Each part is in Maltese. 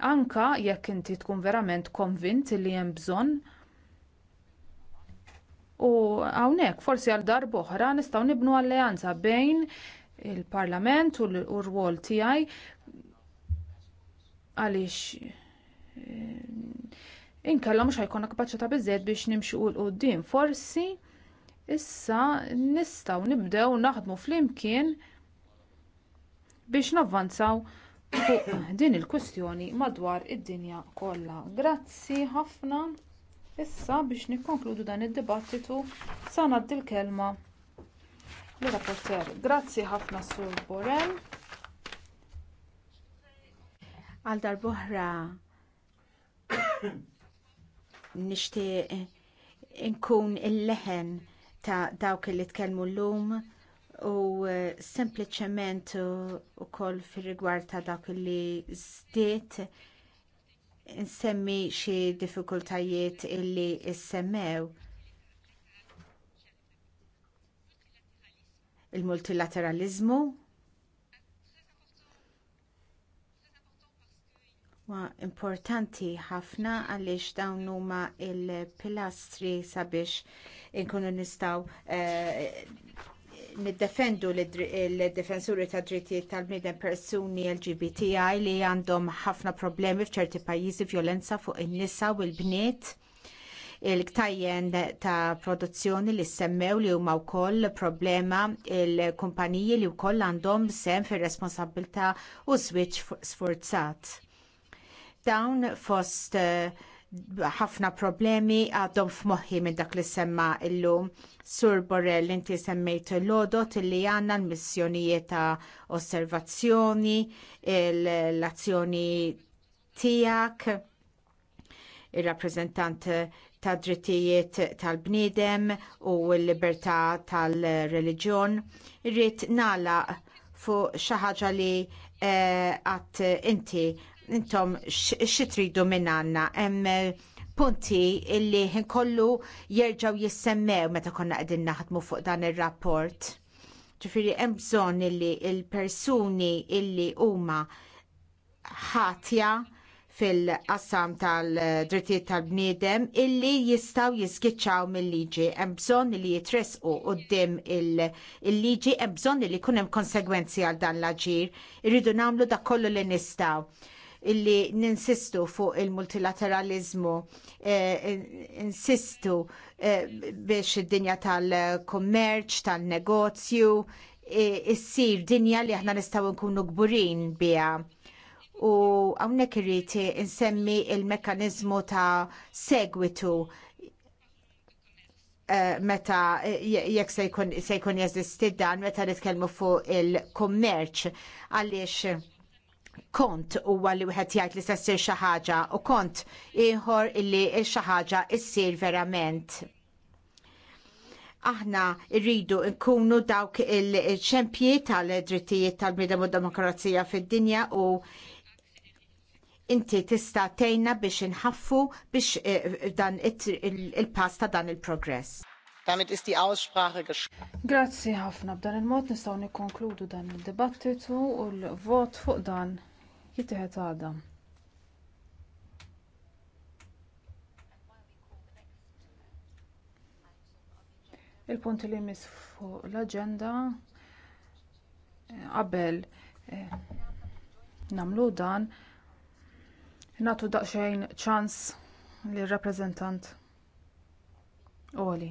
anka jekk inti tkun verament konvint li hemm bżonn u hawnhekk forsi għal darba oħra nistgħu nibnu alleanza bejn il-Parlament u l-rwol tiegħi għaliex eh, inkella mhux ħajkun kapaċità biżżejjed biex nimxu l qudiem Forsi issa nistgħu nibdew naħdmu flimkien biex navvanzaw fuq din il-kwistjoni madwar id-dinja kollha. Grazzi ħafna. Issa biex nikkonkludu dan id-dibattitu sa ngħaddi l-kelma lir-rapporter. Grazzi ħafna Sur Borrell. Għal darbohra nixtieq inkun il-leħen ta' dawk li tkellmu llum u eh, sempliciment u koll fil rigward ta' dak li zdiet nsemmi xi diffikultajiet illi issemmew il-multilateralizmu Ma importanti ħafna għaliex dawn huma il pilastri sabiex inkunu nistgħu eh, niddefendu l defensuri ta' drittijiet tal-bniedem persuni LGBTI li għandhom ħafna problemi f'ċerti pajjiżi violenza fuq in-nisa u l-bniet il-ktajjen ta' produzzjoni li semmew li huma wkoll problema il-kumpaniji li wkoll għandhom sem fir-responsabilità u switch sforzat. Dawn fost uh, ħafna problemi għadhom f'moħħi minn dak li semma illum. Sur Borrell, inti semmejt l-odot li għanna l-missjonijiet ta' osservazzjoni, l-azzjoni tijak, il-rappresentant ta' drittijiet tal-bniedem u l-libertà tal-reliġjon. Irrid nala fuq xi ħaġa li eh, għat inti intom xitridu minn għanna. Hemm eh, punti illi kollu jerġaw jissemmew meta konna qegħdin naħdmu fuq dan ir-rapport. Ġifieri hemm bżonn illi l-persuni illi huma ħatja fil-qassam tal-drittijiet tal-bniedem illi jistaw jisgiċċaw mill-liġi. Hemm bżonn li jitresqu quddiem il-liġi, hemm bżonn li jkun hemm konsegwenzi għal dan l-aġir. Irridu nagħmlu dak kollu li nistgħu illi ninsistu fuq il-multilateralizmu, eh, insistu eh, biex id-dinja tal-kommerċ, tal-negozju, eh, issir dinja li aħna nistgħu nkunu gburin biha. U hawnhekk irriti insemmi il-mekkaniżmu ta' segwitu meta jekk se jkun jeżisti dan meta nitkellmu fuq il-kummerċ għaliex kont huwa li wieħed jgħid li se ssir xi ħaġa u kont ieħor illi xaħġa ħaġa ssir verament. Aħna rridu nkunu dawk il-ċempji tal-drittijiet tal-bnidem u demokrazija fid-dinja u inti tista tejna biex inħaffu biex eh, dan il-pass ta' dan il-progress. Damit ist die Aussprache Grazzi ħafna b'dan il-mod nistgħu nikkonkludu dan id dibattitu u l-vot fuq dan jittieħed għadha. il punti li jmiss fuq l-aġenda qabel eh, Namlu nagħmlu dan nagħtu daqsxejn ċans lir rappreżentant Oli.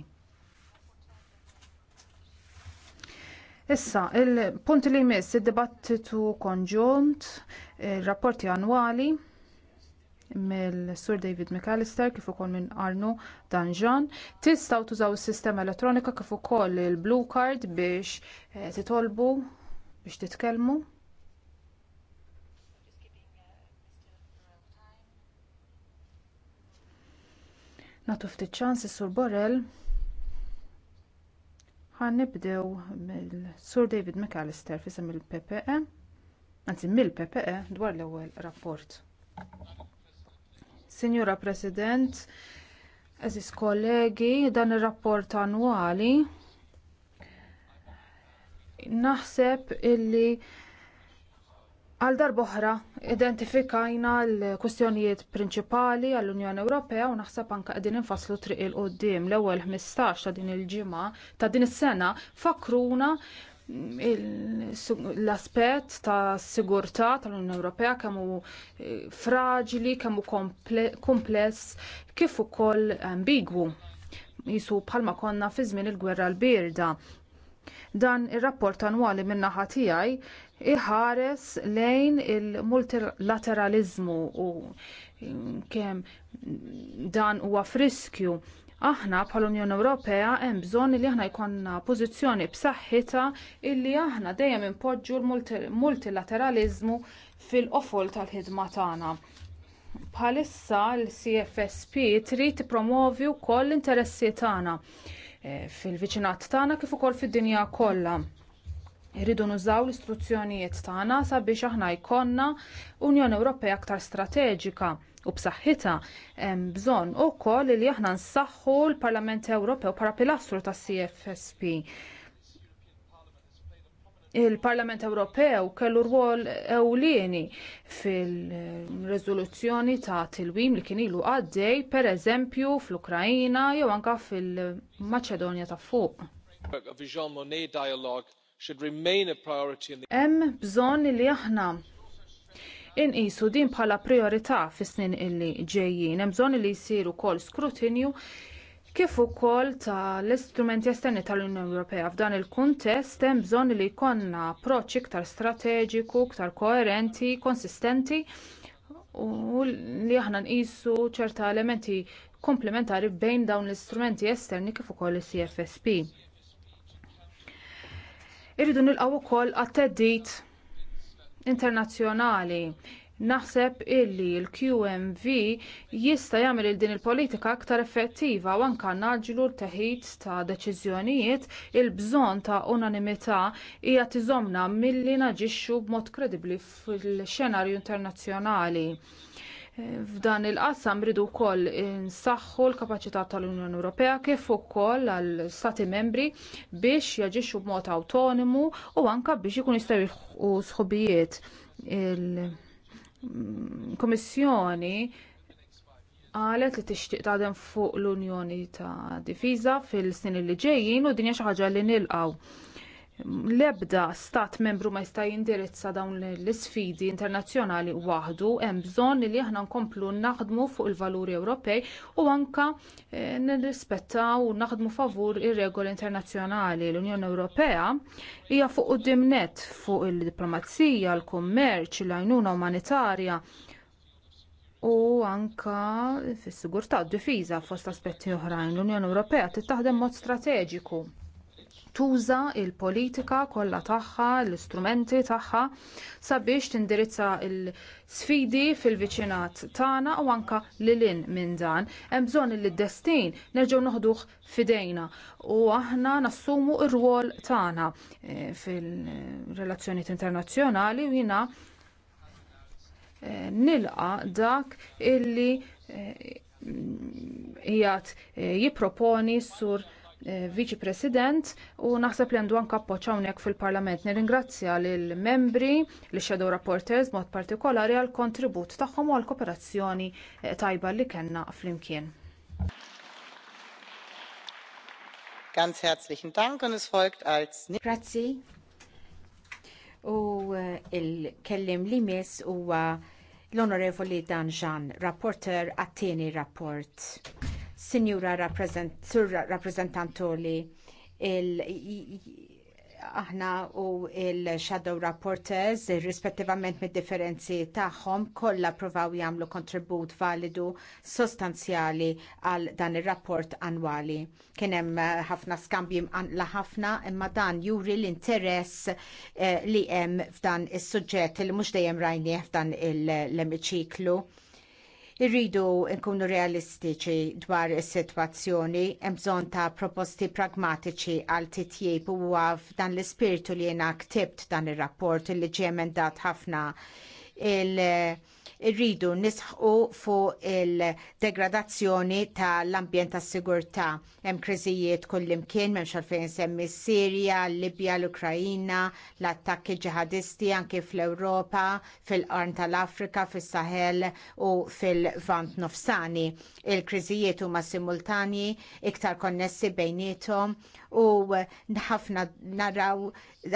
Issa, il-punt li jmiss id-dibattitu konġunt, il-rapporti annwali mill-Sur David McAllister kif ukoll minn Arnu Danjan. Tistgħu tużaw is-sistema elettronika kif ukoll il-Blue Card biex eh, titolbu biex titkellmu. Natu ftit ċans is-Sur Borrell ħan nibdew mill-Sur David McAllister fisem mill ppe anzi mill-PPE dwar l-ewwel rapport. Signora President, eżis kollegi, dan ir-rapport annwali naħseb illi Għal darboħra identifikajna l-kustjonijiet prinċipali għall-Unjoni Ewropea u naħseb anke qegħdin infasslu triq il qudiem l-ewwel 15 ta' din il-ġimgħa ta' din is-sena fakruna l-aspett ta' sigurtà tal-Unjoni Ewropea kemm hu eh, fraġili, kemm hu kompless, kif ukoll ambigwu. Jisu bħalma konna fi żmien il-gwerra l-birda. Dan ir-rapport annwali min-naħa tiegħi iħares lejn il-multilateralizmu u kemm dan huwa friskju. Aħna bħal Unjoni Ewropea hemm bżonn li aħna jkollna pożizzjoni b'saħħitha illi aħna dejjem impoġġu l-multilateralizmu fil-qofol tal-ħidma tagħna. Bħalissa l-CFSP trid tippromovi wkoll l-interessi tagħna eh, fil-viċinat tagħna kif ukoll fid-dinja kollha Irridu nużaw l-istruzzjonijiet tagħna sabiex aħna jkollna Unjoni Ewropea aktar strateġika u b'saħħitha hemm bżonn ukoll li aħna nsaħħu l-Parlament Ewropew bħala pilastru tas-CFSP. Il-Parlament Ewropew kellu rwol ewlieni fil-riżoluzzjoni ta' tilwim li kien ilu għaddej, pereżempju fl-Ukrajina jew anke fil-Maċedonja ta' fuq should remain a priority in the Hemm bżonn li aħna inqisu din bħala priorità fis-snin illi ġejjin. Hemm bżonn li jsiru ukoll skrutinju kif ukoll tal-istrumenti esterni tal-Unjoni Ewropea f'dan il-kuntest hemm bżonn li jkollna approċċ iktar strateġiku, iktar koerenti, konsistenti u li aħna nqisu ċerta elementi komplementari bejn dawn l-istrumenti esterni kif ukoll is-CFSP. Irridu nilqgħu wkoll għat-teddit internazzjonali. Naħseb illi l-QMV jista' jagħmel il din il-politika aktar effettiva u anke naġlu l-teħid ta' deċiżjonijiet il-bżonn ta' unanimità hija tiżomna milli naġixxu b'mod kredibbli fil-xenarju internazzjonali. F'dan il-qassam rridu wkoll nsaħħu l-kapaċità tal-Unjoni Ewropea kif ukoll għal stati membri biex jaġixxu b'mod awtonomu u anke biex ikun jistgħu jilħqu sħubijiet il-Kummissjoni qalet li tixtieq tagħdem fuq l-Unjoni ta' Difiża fil-snin li ġejjin u dinja xi ħaġa li nilqgħu l-ebda stat membru ma jista' jindirizza dawn l-isfidi internazzjonali waħdu hemm bżonn li aħna nkomplu naħdmu fuq il-valuri Ewropej u anke eh, nirrispettaw u naħdmu favur ir-regoli internazzjonali. L-Unjoni Ewropea hija fuq quddiem fuq il-diplomazija, l-kummerċ, l-għajnuna umanitarja u anka fis-sigurtà u d-difiża fost aspetti oħrajn. L-Unjoni Ewropea tittaħdem mod strateġiku tuża l politika kollha tagħha, l-istrumenti tagħha sabiex tindirizza l-sfidi fil-viċinat tagħna u anke lilin minn dan. Hemm bżonn li d-destin nerġgħu noħduh f'idejna u aħna nassumu r rwol tagħna eh, fil-relazzjonijiet internazzjonali u jiena eh, nilqa dak illi eh, jgħat jipproponi sur Eh, viċi president u naħseb li għandu għan appoġġ hawnhekk fil-Parlament. Nirringrazzja lill membri l shadow rapporters mod partikolari għall kontribut tagħhom u għall kooperazzjoni eh, tajba li kellna flimkien. Ganz herzlichen Dank und es folgt als Grazzi. U eh, il-kellim li mis huwa l-Onorevoli Danjan, rapporter għat-tieni rapport. Sinjura rappresentantoli il aħna u il-Shadow Rapporteurs, rispettivament mid differenzi tagħhom, kollha provaw jagħmlu kontribut validu sostanzjali għal dan ir-rapport annwali. Kien hemm eh, ħafna skambji la ħafna, imma dan juri l-interess eh, li hemm f'dan is-suġġett li mhux dejjem rajnieh f'dan l-emiċiklu. il, il Irridu nkunu realistiċi dwar is-sitwazzjoni, hemm bżonn ta' proposti pragmatiċi għal titjib huwa f'dan l-ispirtu li jiena ktibt dan ir-rapport li ġie emendat ħafna il- irridu nisħu fuq il-degradazzjoni tal-ambjent tas-sigurtà. Hemm kriżijiet kullimkien m'hemmx għalfejn semmi Sirja, Libja, l-Ukrajina, l-attakki ġihadisti anke fl-Ewropa, fil-Qarn tal-Afrika, fis sahel u fil-Vant Nofsani. Il-kriżijiet huma simultanji iktar konnessi bejniethom u ħafna naraw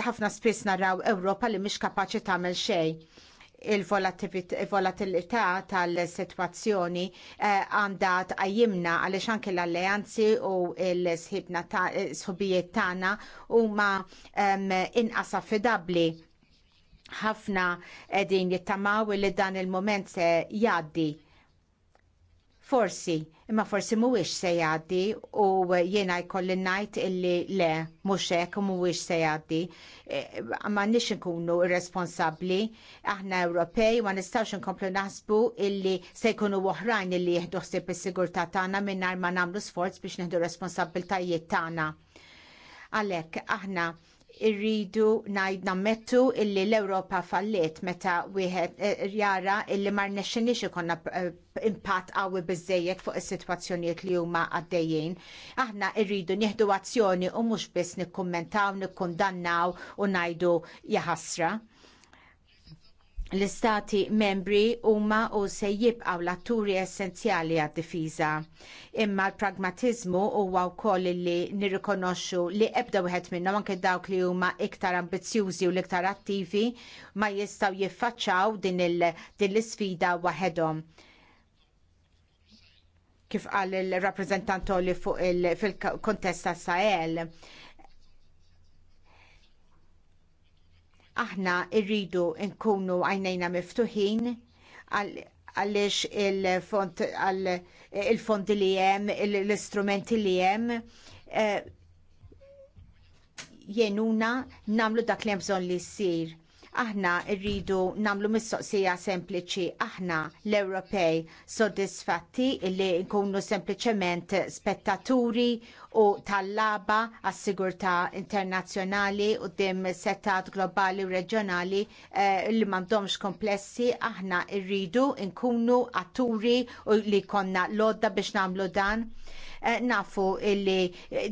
ħafna spiss naraw Ewropa li mhix kapaċi tagħmel xejn il-volatilità tal-situazzjoni eh, għandha tqajjimna għaliex anke l-alleanzi u l-sħibijiet tagħna huma ehm, inqas affidabbli ħafna qegħdin jittamaw li dan il mument se jgħaddi Forsi, imma forsi mhuwiex se jgħaddi u jiena jkolli ngħid illi le mhux hekk mhuwiex se jgħaddi. E, ma nix inkunu irresponsabbli, aħna Ewropej ma nistgħux inkomplu naħsbu illi se jkunu oħrajn illi jieħdu ħsieb is-sigurtà tagħna mingħajr ma nagħmlu sforz biex nieħdu responsabbiltajiet tagħna. Għalhekk aħna irridu najd nammettu illi l-Europa falliet meta wieħed eh, jara illi mar nexxinix ikonna eh, impatt qawwi biżejjed fuq is-sitwazzjonijiet li huma għaddejjin. Aħna rridu nieħdu azzjoni u mhux biss nikkummentaw, nikkundannaw u ngħidu jaħasra l-istati membri huma u se jibqaw l-atturi essenzjali għad-difiża. Imma l-pragmatizmu huwa wkoll li nirrikonoxxu li ebda wieħed minnhom anke dawk li huma iktar ambizzjużi u l-iktar attivi ma jistgħu jiffaċċaw din l-isfida waħedhom kif qal il-rappresentant li fuq il-kontesta Sahel aħna rridu nkunu għajnejna miftuħin għaliex il-fondi li hemm, l-istrumenti li hemm eh, jenuna namlu dak li bżonn li jsir. Aħna rridu namlu mistoqsija sempliċi, aħna l-Ewropej soddisfatti li nkunu sempliċement spettaturi u tal-laba għas-sigurtà internazzjonali u dim settat globali u reġjonali eh, li m'għandhomx komplessi aħna rridu nkunu atturi u li konna lodda biex nagħmlu dan Eh, nafu illi eh,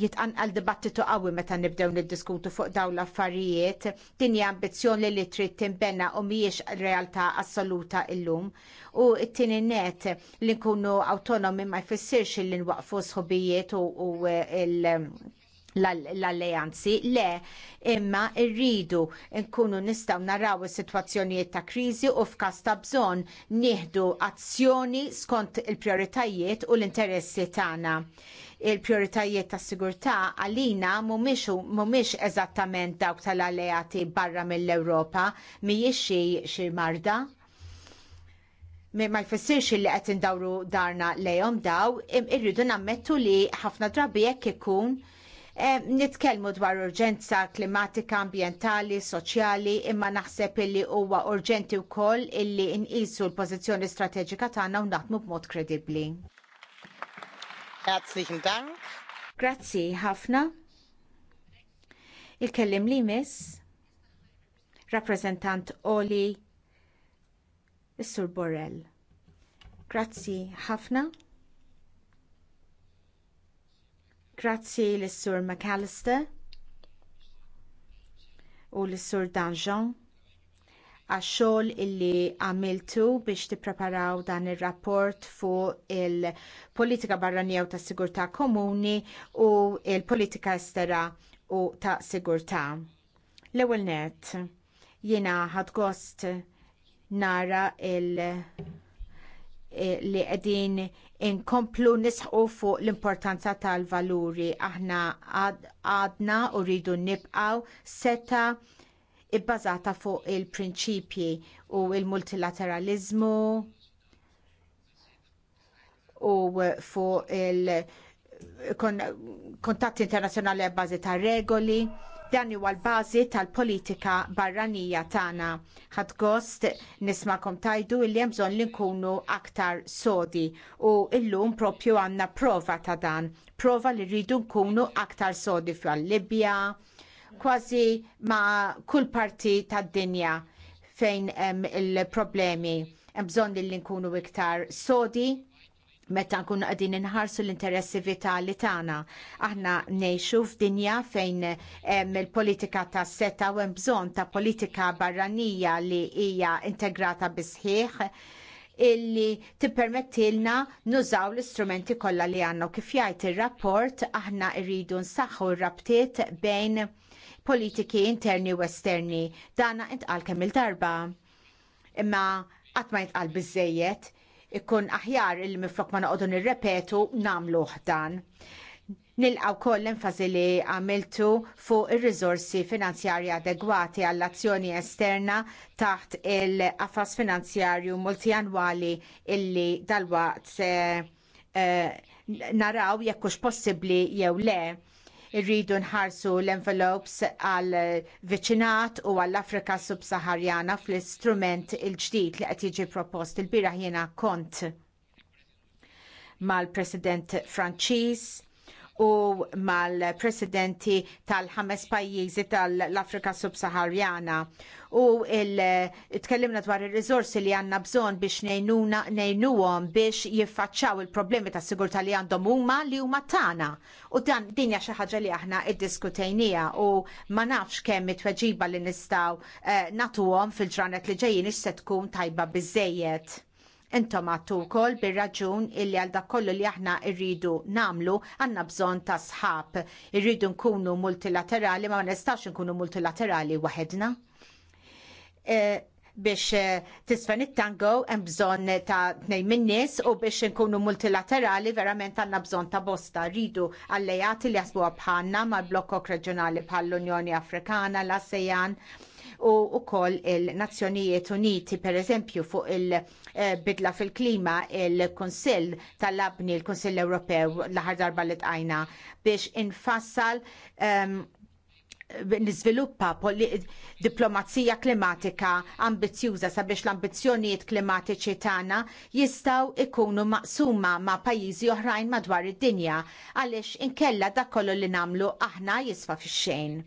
jitqanqal dibattitu qawwi meta nibdew niddiskutu fuq dawn l-affarijiet. Din hija ambizzjoni li trid timbenna u mhijiex realtà assoluta illum. U t-tieni net li nkunu awtonomi ma jfissirx illi nwaqfu sħobijiet u eh, l- l-alleanzi, le, imma rridu nkunu nistgħu naraw is-sitwazzjonijiet ta' kriżi u f'każ ta' bżonn nieħdu azzjoni skont il-prioritajiet u l-interessi tagħna. Il-prioritajiet tas sigurtà għalina mhumiex eżattament dawk tal-alleati barra mill-Ewropa, mhijiex xi xi marda ma jfessirx li qed indawru darna lejhom daw, irridu nammettu li ħafna drabi jekk ikun nitkellmu dwar urġenza klimatika, ambjentali, soċjali, imma naħseb illi huwa urġenti wkoll illi nqisu l-pożizzjoni strateġika tagħna u naħdmu b'mod kredibbli. Herzlichen Dank. Grazzi ħafna. Il-kellim li miss rappresentant Oli Sur Borrell. Grazzi ħafna. Grazzi l-Sur McAllister u l-Sur Danjon għax-xogħol illi għamiltu biex tippreparaw dan ir rapport fuq il-politika barranija u ta' sigurtà komuni u l politika estera u ta' sigurtà. L-ewwel nett, jiena ħadgost nara il- Eh, li qegħdin inkomplu nisħu fuq l-importanza tal-valuri. Aħna għadna u rridu nibqaw seta ibbażata fuq il-prinċipji u l il multilateraliżmu u fuq il-kontatti internazzjonali għabbażi ta' regoli Dan huwa l-bażi tal-politika barranija tagħna. Ħadd gost nismakom tajdu li hemm bżonn li nkunu aktar sodi u llum propju għandna prova ta' dan, prova li rridu nkunu aktar sodi fl libja kważi ma' kull parti tad-dinja fejn hemm il-problemi. Hemm bżonn li nkunu iktar sodi, meta nkunu qegħdin inħarsu l-interessi vitali tagħna. Aħna ngħixu f'dinja fejn il-politika ta' seta u hemm bżonn ta' politika barranija li hija integrata bisħiħ illi tippermettilna nużaw l-istrumenti kollha li għandna kif jgħid ir-rapport aħna rridu nsaħħu r-rabtiet bejn politiki interni u esterni. Dana intqal kemm il-darba. Imma qatt ma jintqal biżejjed ikun aħjar il miflok ma noqogħdu nirrepetu namlu dan. Nilqaw koll l-enfasi li għamiltu fuq ir rizorsi finanzjarji adegwati għall-azzjoni esterna taħt il-qafas finanzjarju multianwali illi dalwaqt eh, eh naraw jekk hux possibbli jew le irridu nħarsu l-envelopes għal viċinat u għall afrika subsaharjana fl-istrument il-ġdid li qed jiġi propost il-biraħ jiena kont mal-President Franċiż u mal-presidenti tal-ħames pajjiżi tal-Afrika Subsaharjana. U tkellimna dwar ir-riżorsi li għandna bżonn biex ngħinuhom biex jiffaċċaw il-problemi tas sigurtà li għandhom huma li huma tagħna. U dan din hija xi ħaġa li aħna iddiskutejnija u ma nafx kemm it-tweġiba li nistgħu eh, nagħtuhom fil-ġranet li ġejjin ix se tkun tajba biżejjed. Intom għattu wkoll bil raġun illi għal dak kollu li aħna rridu nagħmlu għandna bżonn ta' sħab. Irridu nkunu multilaterali ma nistax nkunu multilaterali waħedna. E, biex e, tisfen it-tango hemm bżonn ta' tnejn min-nies u biex nkunu multilaterali verament għandna bżonn ta' bosta rridu allejati li jasbuha bħalna mal-blokkok reġjonali bħall-Unjoni Afrikana, l-ASEAN u wkoll il-Nazzjonijiet Uniti pereżempju fuq il-bidla fil-klima il-Kunsill tal-Abni il-Kunsill Ewropew l-aħħar darba li tqajna biex infassal um, ehm, niżviluppa diplomazija klimatika ambizjuża sabiex l-ambizzjonijiet klimatiċi tagħna jistgħu ikunu maqsuma ma' pajjiżi oħrajn madwar id-dinja għaliex inkella dak kollu li nagħmlu aħna jisfa' fix-xejn.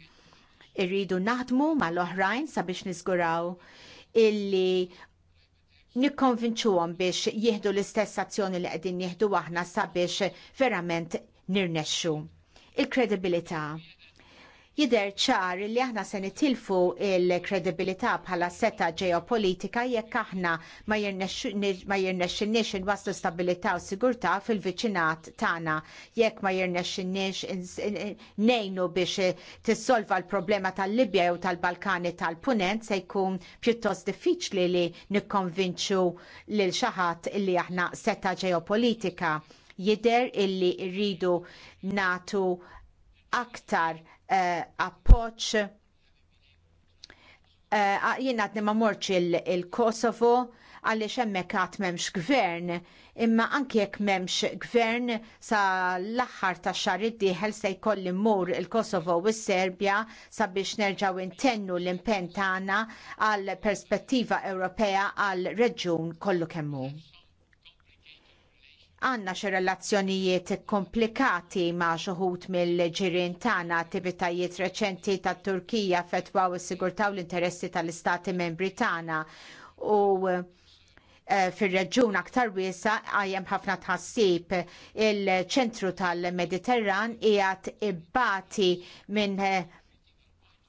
Irridu naħdmu mal-oħrajn sabiex niżguraw illi nikkonvinċuhom biex jieħdu l-istess azzjoni li qegħdin jieħdu aħna sabiex verament nirnexxu. Il-kredibilità Jidher ċar li aħna se nitilfu l kredibilità bħala seta ġeopolitika jekk aħna ma jirnexxinniex inwasslu stabilità u sigurtà fil-viċinat tagħna jekk ma jirnexxinniex ngħinu biex tissolva l-problema tal-Libja jew tal-Balkani tal-Punent se jkun pjuttost diffiċli li nikkonvinċu lil xi li aħna seta ġeopolitika jidher illi rridu natu aktar Eh, appoġġ. Eh, jien għadni ma morċ il-Kosovo għaliex hemmhekk għad m'hemmx gvern, imma anke jekk m'hemmx gvern sa l-aħħar tax xahar id-dieħel se jkolli mmur il-Kosovo u s-Serbja sabiex nerġgħu intennu l-impenn tagħna għal perspettiva Ewropea għal reġjun kollu kemm hu għanna xe relazzjonijiet komplikati ma' xuħut mill-ġirien tagħna attivitajiet reċenti tat Turkija fetwaw is-sigurtaw l-interessi tal-istati membri tagħna u eh, fir-reġjun aktar wiesa għajem ħafna tħassib il-ċentru tal-Mediterran qiegħed ibbati minn eh,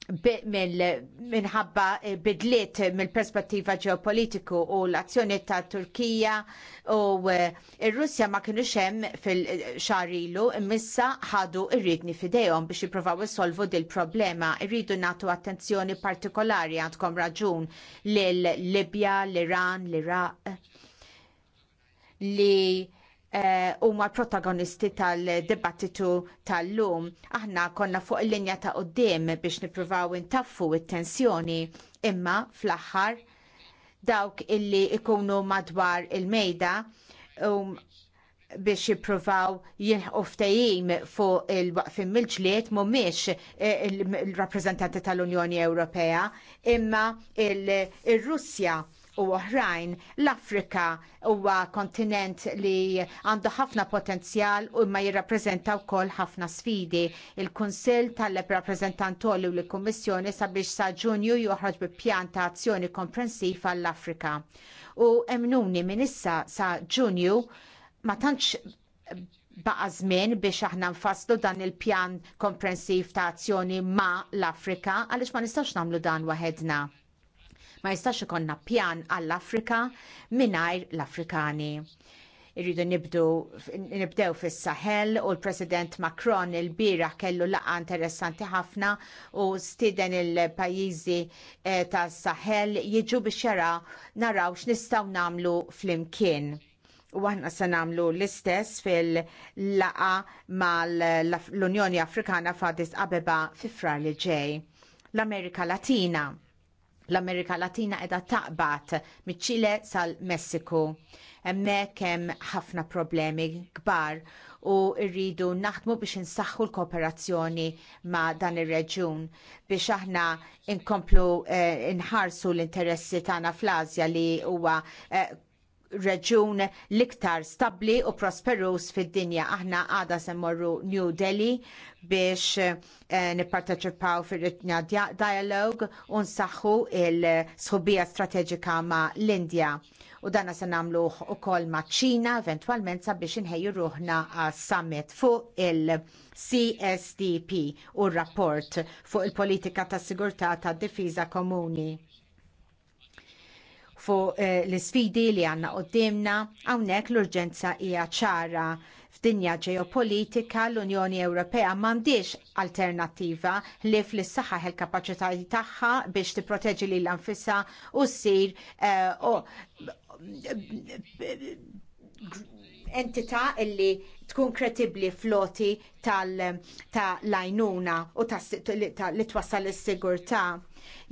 minħabba eh, bidliet mill-perspettiva ġeopolitiku u l-azzjoni ta' Turkija u eh, il-Russja ma kienu xem fil-xarilu missa ħadu irridni fidejhom biex jipprovaw isolvu dil problema irridu natu attenzjoni partikolari għandkom raġun lil libja l-Iran, l-Iraq li huma eh, protagonisti tal-dibattitu tal-lum. Aħna konna fuq il-linja ta' qoddim biex nippruvaw intaffu il tensjoni imma fl-aħħar dawk illi ikunu madwar il-mejda um, biex jippruvaw jilħqu ftehim fuq il-waqfim mill-ġlied mhumiex eh, il-rappreżentanti tal-Unjoni Ewropea imma il-Russja il u oħrajn. L-Afrika huwa kontinent li għandu ħafna potenzjal u ma jirrappreżenta wkoll ħafna sfidi. Il-Kunsill tal-Rappreżentantoli u l-Kummissjoni sabiex sa' Ġunju joħroġ bi pjan ta' azzjoni komprensiv għall-Afrika. U emnuni minn issa sa' Ġunju ma tantx baqa' żmien biex aħna nfasslu dan il-pjan komprensiv ta' azzjoni ma' l-Afrika għaliex ma nistax nagħmlu dan waħedna Ma jistax ikonna pjan għall-Afrika mingħajr l-Afrikani. Irridu nibdu, nibdew fis sahel u l-President Macron il-bira kellu laqgħa interessanti ħafna u stiden il pajjiżi eh, tas sahel jiġu biex jara naraw x'nistgħu nagħmlu flimkien u aħna se nagħmlu l-istess fil laqgħa mal-Unjoni Afrikana Fadis Abeba fi frar li ġej. L-Amerika Latina l-Amerika Latina edha taqbat miċ-Ċile sal-Messiku. Hemmhekk hemm ħafna problemi kbar u rridu naħdmu biex insaħħu l-kooperazzjoni ma' dan ir-reġjun biex aħna inkomplu eh, inħarsu l-interessi tagħna fl-Asja li huwa eh, reġun l-iktar stabbli u prosperus fid-dinja. Aħna għada semmorru New Delhi biex eh, nipparteċipaw fil-ritna dialogue u nsaħħu il-sħubija strateġika ma' l-Indja. U dana se namlu u kol ma' ċina, eventualment sabiex inħejju ruħna summit fuq il-CSDP u rapport fuq il-politika ta' sigurtà ta' difiża komuni fuq eh, l isfidi li għandna qoddimna hawnhekk l-urġenza hija ċara f'dinja ġeopolitika l-Unjoni Ewropea m'għandix alternattiva li fl-issaħħaħ il-kapaċità tagħha biex tipproteġi lil anfisha u ssir eh, entità illi tkun kredibbli floti tal-lajnuna u li twassal is-sigurtà.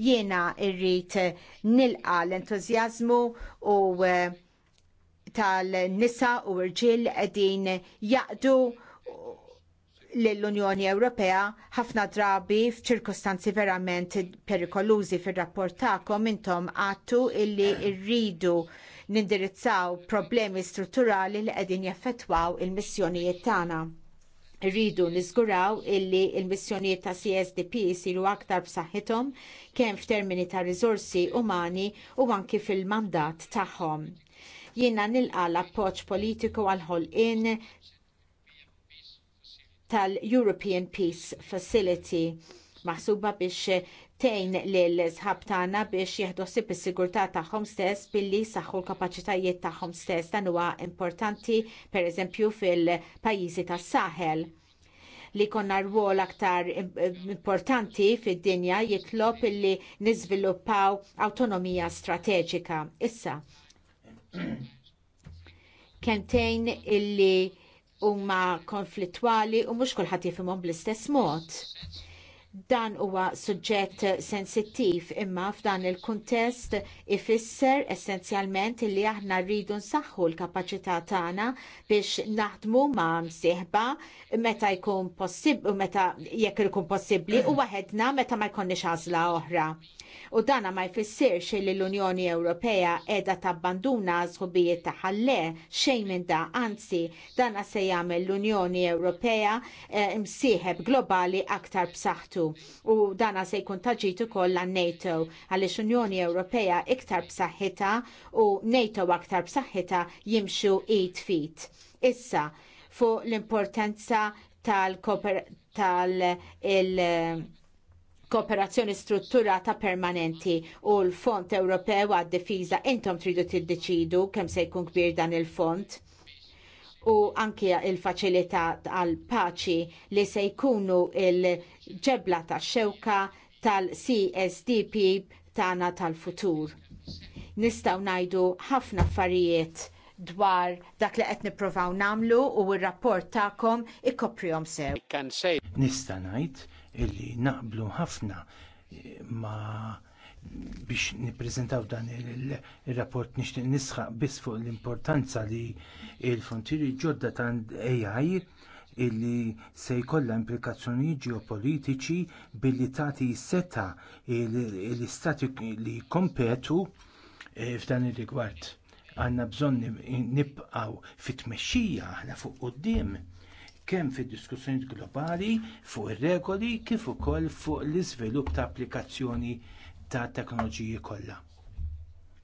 Jiena rrid nilqa l-entużjażmu u e, tal-nisa u rġil qegħdin jaqdu l-Unjoni Ewropea ħafna drabi f'ċirkostanzi verament perikolużi fir-rapport tagħkom intom għattu illi rridu il nindirizzaw problemi strutturali li qegħdin jaffettwaw il-missjonijiet tagħna. Rridu niżguraw illi il-missjonijiet ta' CSDP jisiru aktar b'saħħithom kemm f'termini ta' riżorsi umani u anki fil-mandat tagħhom. Jiena nilqa l-appoġġ politiku għal ħolqien tal-European Peace Facility maħsuba biex tejn lil sħab tagħna biex jieħdu ħsieb is-sigurtà tagħhom stess billi saħħu l-kapaċitajiet tagħhom stess dan huwa importanti pereżempju fil-pajjiżi tas-Saħel li konna rwol aktar importanti fid-dinja jitlob illi niżviluppaw awtonomija strateġika. Issa, kemtejn illi huma konflittwali u mhux kulħadd jifhimhom bl-istess mod Dan huwa suġġett sensittiv imma f'dan il-kuntest ifisser essenzjalment li aħna rridu nsaħħu l-kapaċità tagħna biex naħdmu ma' msieħba meta jkun possibbli meta jekk ikun possibbli u waħedna meta ma jkunniex għażla oħra. U dana ma jfissirx li l-Unjoni Ewropea edha tabbanduna sħubijiet ta' le xejn minn da, anzi dana se jagħmel l-Unjoni Ewropea eh, msieħeb globali aktar b'saħħtu u dana se jkun taġit ukoll għan NATO għaliex Unjoni Ewropea iktar b'saħħitha u NATO aktar b'saħħitha jimxu id fit. Issa fuq l-importanza tal-tal il- kooperazzjoni strutturata permanenti u l-Fond Ewropew għad-Difiża intom tridu tiddeċidu kemm se jkun kbir dan il-fond u anke il-faċilità għal paċi li se jkunu il-ġebla tax xewka tal-CSDP tagħna tal-futur. Nistgħu ngħidu ħafna affarijiet dwar dak li qed nippruvaw nagħmlu u r-rapport tagħkom ikkoprihom sew. Nista' ngħid illi naqblu ħafna eh, ma biex nippreżentaw dan il-rapport nixtieq nisħaq biss fuq l-importanza li l-frontieri ġodda ta' AI illi se jkollha implikazzjonijiet ġeopolitiċi billi tagħti seta l-istati li jkompetu eh, f'dan ir-rigward. Għandna bżonn nibqgħu fit-tmexxija aħna fuq quddiem kemm fid-diskussjoni globali fuq ir-regoli kif ukoll fuq l-iżvilupp ta' applikazzjoni ta' teknoloġiji kollha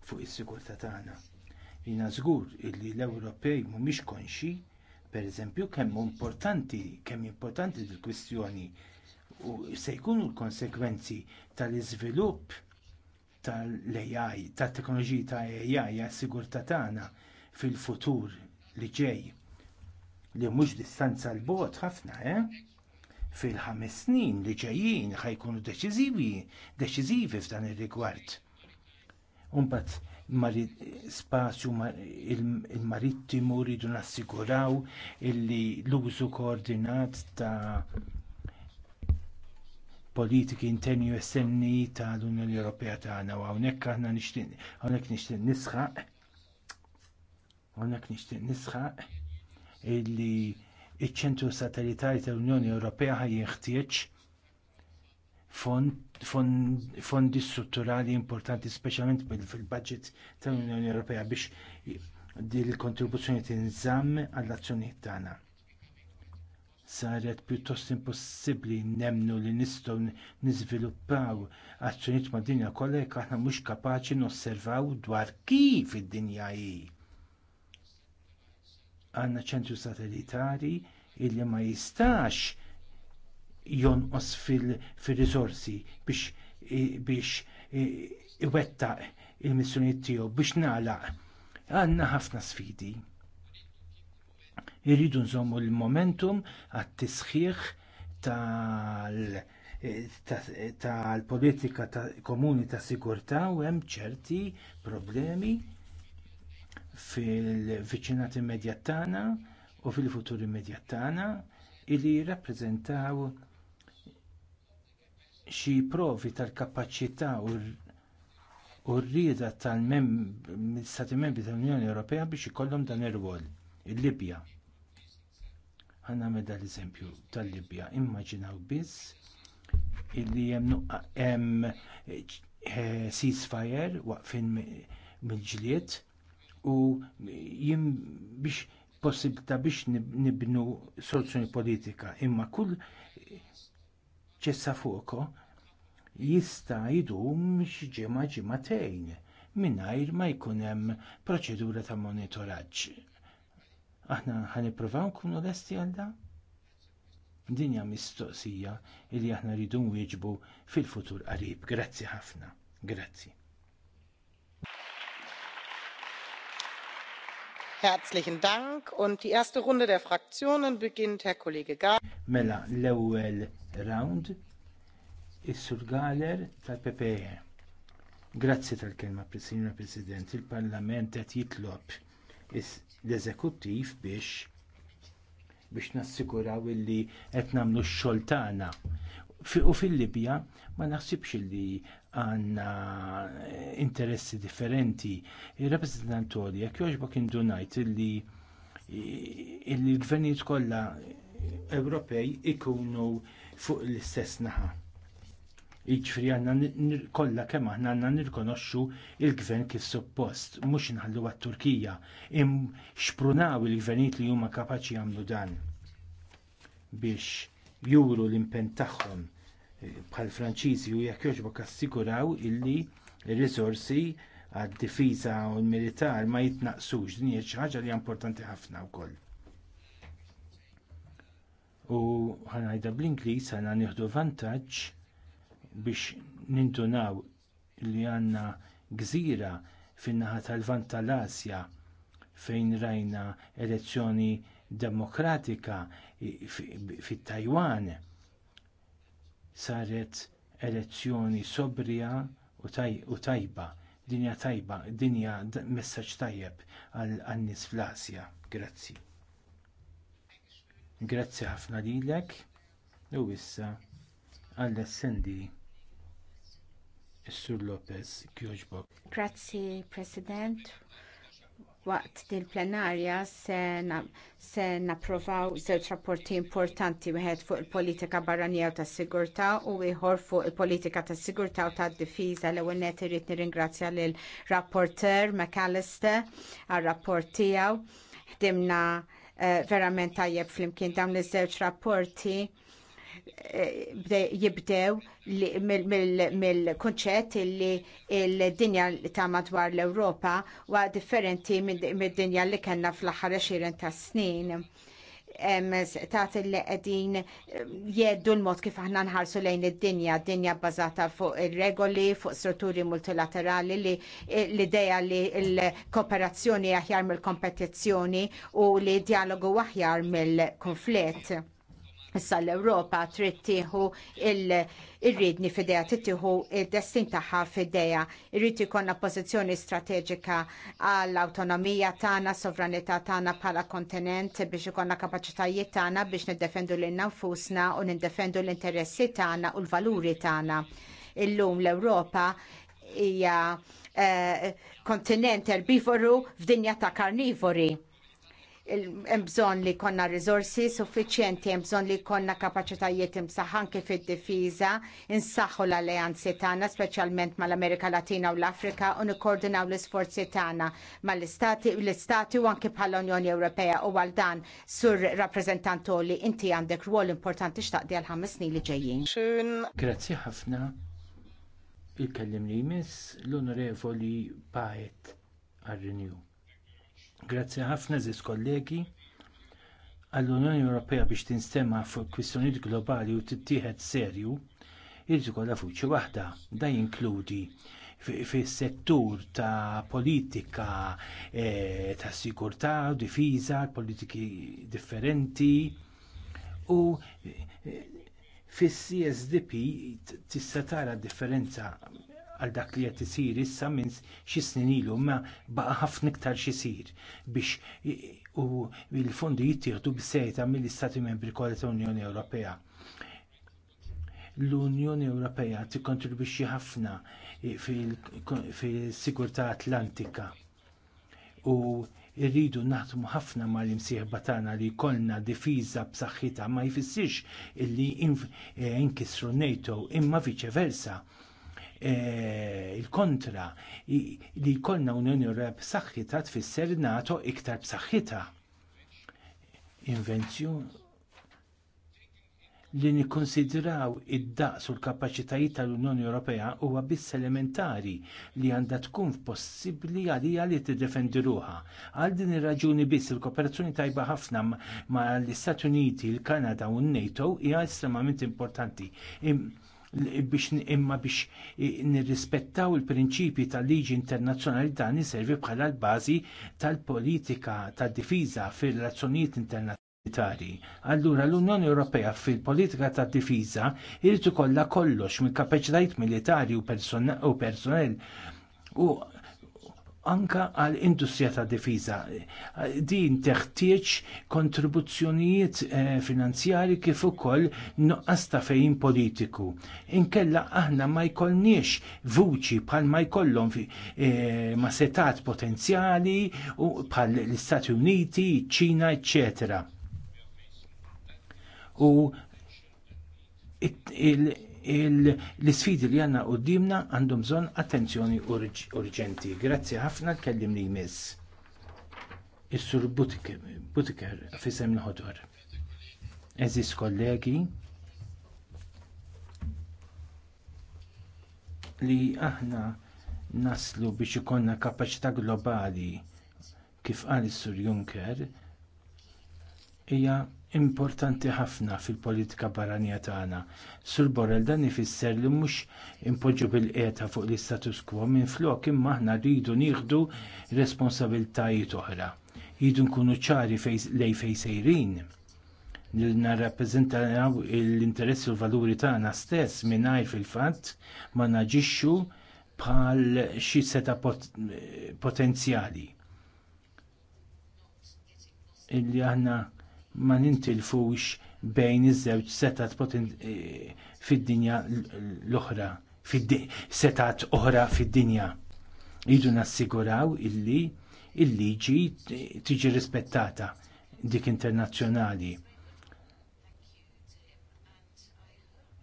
fuq is-sigurtà tagħna. Jina żgur illi l-Ewropej mhumiex konxi, pereżempju kemm importanti kemm importanti l kwistjoni u se jkunu l-konsekwenzi tal-iżvilupp tal-AI, tat teknoloġiji ta' AI għas-sigurtà tagħna fil-futur li ġej li mhux distanza l bot ħafna, eh? Fil-ħames snin li ġejjin ħajkunu deċiżivi, deċiżivi f'dan ir-rigward. Umbat spazju il-marittimu rridu nassiguraw illi l-użu koordinat ta' politiki interni u esterni tal-Unjoni Ewropea tagħna u hawnhekk aħna nixtieq hawnhekk nixtieq nisħaq hawnhekk nixtieq nisħaq Illi iċ-ċentru satellitari tal-Unjoni Ewropea ħaj jeħtieġ fondi strutturali importanti, speċjalment fil-budget tal-Unjoni Ewropea biex din il-kontribuzzjoni tinżamm għall-azzjonijiet tagħna saret pjuttost impossibbli nemnu li nistgħu niżviluppaw azzjonijiet mad dinja kollha jekk aħna mhux kapaċi nosservaw dwar kif id-dinja hi għandna ċentru satellitari illi ma jistax jonqos fil-rizorsi biex biex iwettaq il-missjoniet tiegħu biex nagħlaq. Għandna ħafna sfidi. Irridu nżommu l-momentum għat-tisħiħ tal-politika komuni ta' sigurtà u hemm ċerti problemi fil-viċinat immedjat tagħna u fil-futur immedjat tagħna illi jirrappreżentaw xi provi tal-kapaċità u rrieda tal-Stati Membri tal-Unjoni Ewropea biex ikollhom dan ir-rwol. Il-Libja. Ħanna meda l-eżempju tal-Libja. Immaġinaw biss illi hemm hemm eh, ceasefire waqfin mill-ġlied u jim biex possibilita biex nibnu soluzzjoni politika. Imma kull ċessa fuqo jista jidum xġema tejn mingħajr ma jkun hemm proċedura ta' monitoraġġ. Aħna ħanippruvaw nkunu lesti għal dan? Dinja mistoqsija li aħna rridu nwieġbu fil-futur qarib. Grazzi ħafna. Grazzi. Herzlichen Dank und die erste Runde der Fraktionen beginnt Herr Kollege Mela, l-ewwel round is-Sur Galer tal-PPE. Grazzi tal-kelma, Signora President, il-Parlament qed jitlob l-eżekuttiv biex biex nassikuraw illi qed nagħmlu x-xogħol tagħna. U fil-Libja ma naħsibx illi għanna eh, interessi differenti. Il-rappresentantori, jek joġbok ngħid illi eh, il-gvernijiet kollha Ewropej ikunu fuq l-istess naħa. Iġfri għanna kolla kemm aħna għanna nirkonoxxu il-gvern kif suppost, mhux inħallu għat-Turkija, im xprunaw il-gvernijiet li huma kapaċi jagħmlu dan biex juru l impenn tagħhom bħal Franċiżi u jekk jogħġbok assikuraw illi r-risorsi għad-difiża u l-militar ma jitnaqsux din hija xi ħaġa li importanti ħafna wkoll. U ngħidha bl-Ingliż ħana nieħdu vantaġġ biex nintunaw li għandna gżira fin-naħa tal-vant tal-Asja fejn rajna elezzjoni demokratika fit-Tajwan saret elezzjoni sobrija u tajba, dinja tajba, dinja messaġġ tajjeb għal-annis fl-Asja. Grazzi. Grazzi ħafna lilek u issa għall-essendi. Sur Lopez Kjoġbok. Grazzi, President waqt il-plenarja se napprovaw żewġ rapporti importanti wieħed fuq il-politika barranija u tas-sigurtà u ieħor fuq il-politika tas-sigurtà u tad-difiża l ewwel nett irid nirringrazzja lil rapporteur McAllister għar-rapport tiegħu. Ħdimna eh, verament tajjeb flimkien dawn iż-żewġ rapporti Eh, jibdew mill-konċett li l-dinja ta' madwar l-Ewropa huwa differenti mid-dinja li kellna fl-aħħar 20 ta' snin. Tagħti li qegħdin eh, jeddu l-mod kif aħna nħarsu lejn id-dinja, dinja bbażata fuq ir-regoli, fuq strutturi multilaterali li eh, l-idea li l-kooperazzjoni aħjar mill-kompetizzjoni u li dialogu aħjar mill-konflitt Issa l-Europa trid tieħu il-ridni fideja, tittieħu id destin tagħha fideja, irrid ikollna pożizzjoni strateġika għall-awtonomija tagħna, sovranità tagħna bħala kontinent biex ikollna kapaċitajiet tagħna biex niddefendu lil nfusna u niddefendu l-interessi tagħna u l-valuri tagħna. Illum l-Ewropa hija eh, kontinent erbivoru f'dinja ta' karnivori hemm bżonn li jkollna rizorsi suffiċjenti, hemm bżonn li jkollna kapaċitajiet imsaħħan kif id-difiża, insaħħu l-alleanzi tagħna speċjalment mal-Amerika Latina u l-Afrika u nikkoordinaw l-isforzi tagħna mal-istati l-istati u anke bħall-Unjoni Ewropea u għal dan sur rappreżentantu li inti għandek rwol importanti xtaqdi għal ħames snin li ġejjin. Grazzi ħafna. Il-kellim li jmiss l-Onorevoli Paet għal-Renew. Grazzi ħafna ziz kollegi għall-Unjoni Ewropea biex tinstema fuq kwistjonijiet globali u tittieħed serju irid ikollha fuċi waħda. Da jinkludi fis-settur ta' politika e, ta' sigurtà difiża, politiki differenti u e, e, fis-CSDP tista' tara differenza għal dak li qed isir issa minn xi snin ilu ma baqa' ħafna iktar xisir biex u fondi jittieħdu b'sejta mill-Istati Membri kollha tal-Unjoni Ewropea. L-Unjoni Ewropea tikkontribwixxi ħafna fil-sigurtà Atlantika u rridu naħdmu ħafna mal imsieħba tagħna li jkollna difiża b'saħħitha ma jfissirx illi eh, inkisru NATO imma viċe versa Eh, il-kontra li jkollna Unjoni Ewropea b'saħħitha tfisser NATO iktar b'saħħitha. Invenzjon li nikkonsidraw id-daqs u l-kapaċitajiet tal-Unjoni Ewropea huwa biss elementari li għandha tkun possibbli għalija li tiddefendi ruha. Għal din ir-raġuni biss il-kooperazzjoni tajba ħafna mal istati Uniti, il-Kanada u n-NATO hija estremament importanti biex imma biex nirrispettaw il-prinċipji tal-liġi internazzjonali dan servi bħala l-bażi tal-politika tad-difiża fir-relazzjonijiet internazzjonali. Allura l-Unjoni Ewropea fil-politika tad-difiża irid ikollha kollox mill kapaċitajiet militari u personell u anka għal industrija ta' difiża. Din teħtieġ kontribuzzjonijiet eh, finanzjari kif ukoll noqqas ta' fejn politiku. Inkella aħna ma jkollniex vuċi bħal ma jkollhom eh, ma setat potenzjali u bħal l-Istati Uniti, ċina, eccetera. U l-sfidi li għanna u dimna għandhom bżon attenzjoni urġenti. Grazzi ħafna kellim li jmiss. Is-sur Butiker fisem l-ħodor. Eżis kollegi li aħna naslu biex ikonna kapaċità globali kif qal is-Sur Juncker hija importanti ħafna fil-politika barranija tagħna. Sur Borrell dan ifisser li mhux impoġġu bil-qeta fuq l-istatus quo minflok imma aħna rridu nieħdu responsabiltajiet oħra. Jridu nkunu ċari lejn fejn sejrin li narrappreżentaw l-interessi u l-valuri tagħna stess mingħajr fil-fatt ma naġixxu bħal xi seta pot eh, potenzjali. Illi aħna ma nintilfux bejn iż-żewġ setat e, fid-dinja l-oħra, setat oħra fid-dinja. Idu nassiguraw illi il-liġi tiġi rispettata dik internazzjonali.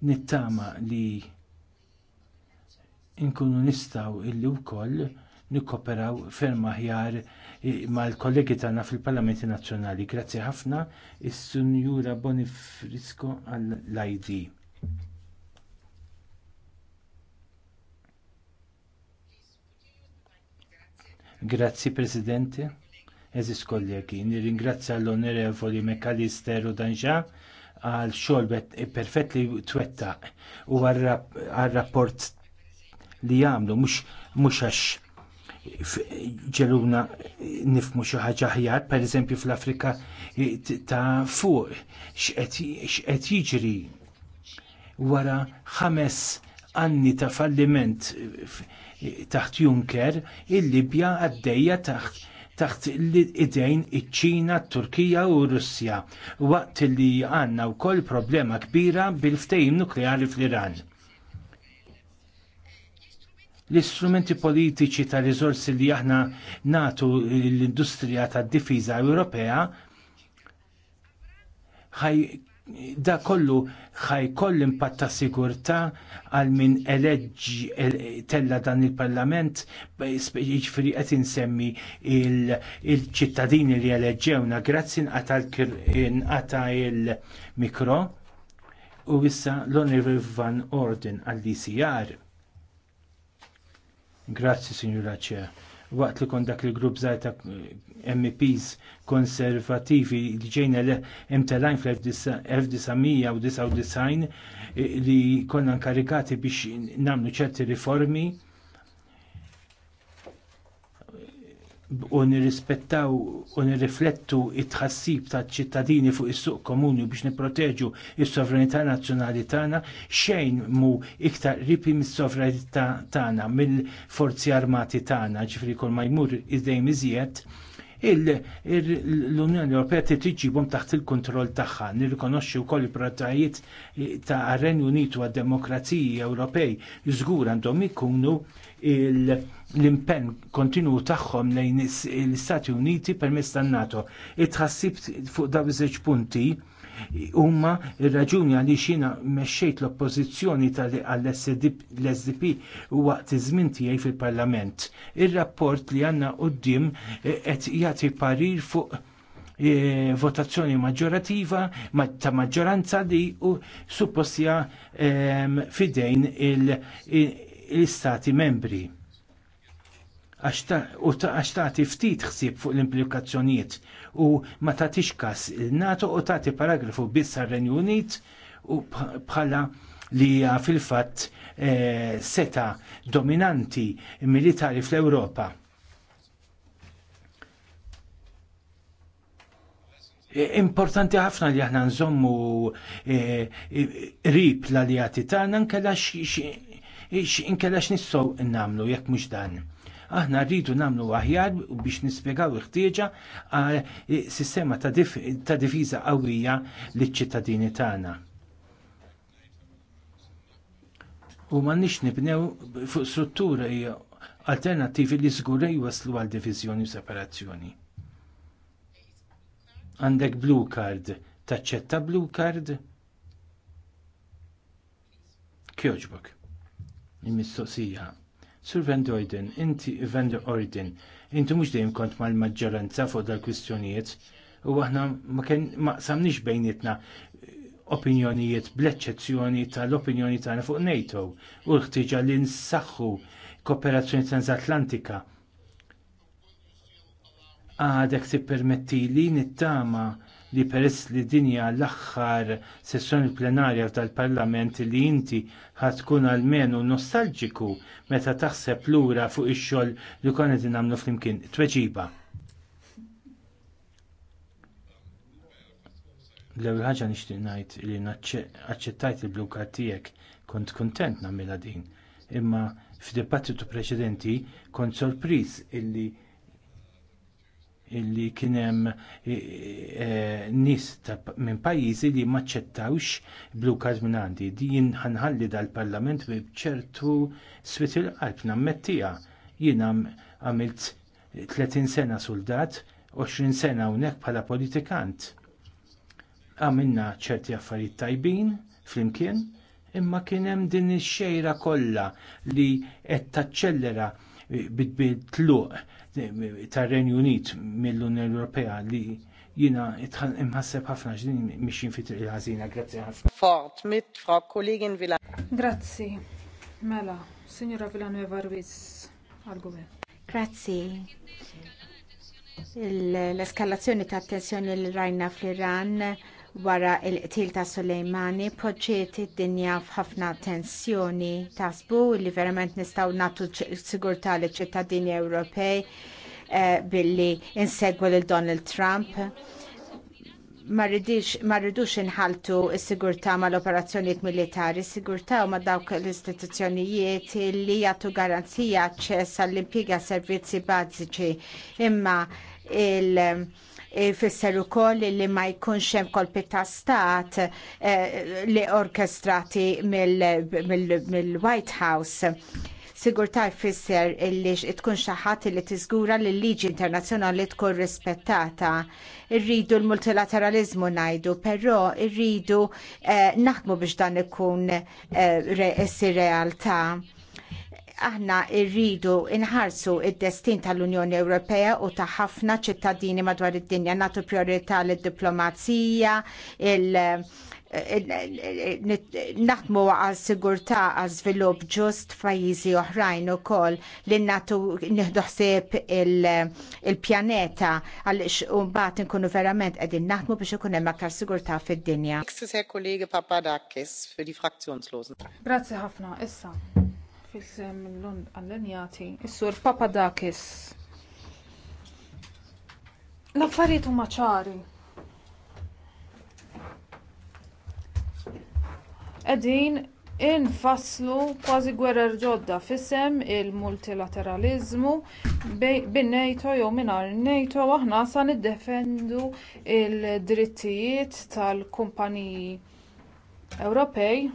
Nittama li nkunu nistaw illi wkoll nikkoperaw ferm aħjar mal-kollegi tagħna fil-Parlamenti Nazzjonali. Grazzi ħafna is-Sunjura Bonifrisco għall-ID. Grazzi Presidente, eżis kollegi, nirringrazzja l-Onorevoli Mekalister u Danġa għal xogħol e perfett li twettaq u għal rapport li għamlu mux mhux għax ġeluna nifmu xi ħaġa aħjar, pereżempju fl-Afrika ta' fuq x'qed jiġri wara ħames anni ta' falliment eh, taħt Juncker, il-Libja għaddejja taħt taħt l-idejn iċ-ċina, Turkija u Russja, waqt li għandna wkoll problema kbira bil-ftehim nukleari fl-Iran L-istrumenti politiċi ta' rizorsi li aħna natu l-industrija tad difiża Ewropea da kollu ħajkoll impatt ta' sigurta għal min eleġġi tella dan il-parlament jiġifieri qed insemmi il-ċittadini li eleġġewna grazzi nqata il-mikro u issa l-Honorable Van Orden għall-DCR. Grazzi, Signora Ċe. Waqt li kon dak il-grupp zaħi ta' MEPs konservativi li ġejna imtelajn fl-1999 li konna nkarikati biex namlu ċerti riformi u nirrispettaw u nirriflettu it-tħassib ta' ċittadini fuq is-suq komuni biex niproteġu is-sovranità nazzjonali tagħna xejn mu iktar ripi mis-sovranità tagħna mill-forzi armati tagħna, ġifri kol ma jmur iżdejjem iżjed l-Unjoni Ewropea tiġibhom taħt il-kontroll tagħha, nirrikonoxxi wkoll il-protajiet ta' Renju Unitu għad demokraziji Ewropej żgur għandhom ikunu l-impenn kontinu tagħhom lejn l-Istati Uniti permezz tan-NATO. It-tħassib fuq dawn iż punti huma il raġuni għal xina meċċejt l-oppożizzjoni tal-SDP waqt iż-żmien tiegħi fil-Parlament. Ir-rapport li għandna quddiem eh, qed jagħti parir fuq eh, votazzjoni maġġorativa ta' maġġoranza li u suppostja ehm, fidejn il- l-istati membri għax taħti ftit ħsieb fuq l-implikazzjonijiet u ma tagħtix każ il-NATO u tagħti paragrafu biss għar-Renju Unit u bħala li fil-fatt e, seta dominanti militari fl-Ewropa. E, importanti ħafna li aħna nżommu eh, rib l aljati tagħna nkella inkelax nissow namlu jekk mhux dan. Aħna rridu namlu aħjar biex nispjegaw il-ħtieġa għal sistema ta' difiża qawwija liċ-ċittadini tagħna. U ma nix nibnew fuq strutturi alternativi li żgurej waslu għal diviżjoni u separazzjoni. Għandek blue card, taċċetta blue card? Kjoġbok il-mistoqsija. Sur Van Orden, inti Van Ordin. inti mux dejjem kont mal-maġġoranza fuq dal-kwistjonijiet u aħna ma kien ma bejnietna opinjonijiet bl-eċċezzjoni tal-opinjoni tagħna fuq NATO u l-ħtiġa li nsaħħu kooperazzjoni transatlantika. Għadek tippermetti li nittama' li peress li dinja l-axħar sessjoni plenarja tal-Parlament li inti ħatkun għalmenu nostalġiku meta taħseb lura fuq ix-xogħol li konna qed nagħmlu flimkien. Tweġiba. L-ewwel ħaġa nixtieq ngħid li aċċettajt il-blu tiegħek kont kuntent nagħmilha din. Imma f'dibattitu preċedenti kont sorpriż illi li kienem e, e, nis minn pajjiżi li maċċettawx blu kard minn għandi. Din ħanħalli dal-parlament bċertu switil qalb nammettija. Jien għamilt 30 sena soldat, 20 sena unek bħala politikant. Għamilna ċerti affarijiet tajbin flimkien, imma kien hemm din ix-xejra kollha li qed taċċellera bit ta' tar-Renju Unit mill-Unjoni Ewropea li jina imħasseb ħafna ġdin mixin fit il-ħazina, grazzi ħafna. Fort, mit fra kollegin Vila. Grazzi, mela, signora Vila Nueva Ruiz, għal-gume. Grazzi. L-eskalazzjoni ta' tensjoni l-rajna fl-Iran wara il-qtil ta' Sulejmani poġġiet id-dinja f'ħafna tensjoni taħsbu li verament nistgħu natu sigurtà liċ ċittadini Ewropej eh, billi insegwu lil Donald Trump ma rridux inħaltu s-sigurtà mal operazzjonijiet militari, s sigurta ma dawk l-istituzzjonijiet li jagħtu garanzija aċċess għall impiega servizzi bażiċi imma il- E, fisser ukoll li ma jkunx hemm kolpi ta' stat e, li orkestrati mill-White House sigurtà jfisser li tkun xi ħadd li tiżgura li l-liġi internazzjonali tkun rispettata. Irridu l-multilateralizmu ngħidu, però rridu e, naħdmu biex dan ikun issir realtà aħna rridu inħarsu id-destin tal-Unjoni Ewropea u ta' ħafna ċittadini madwar id-dinja natu priorità l diplomazija il- naħdmu għal sigurtà għal żvilupp ġust f'pajjiżi oħrajn ukoll li natu nieħduħsieb il-pjaneta għal mbagħad nkunu verament qegħdin naħdmu biex ikun hemm aktar sigurtà fid-dinja. Grazzi ħafna, issa fissem allenjati il-sur Papadakis. L-affarijiet huma ċari. Qegħdin infasslu kważi gwerer ġodda fissem il-multilateralizmu bin-NATO jew mingħajr NATO aħna sa niddefendu l drittijiet tal-kumpaniji Ewropej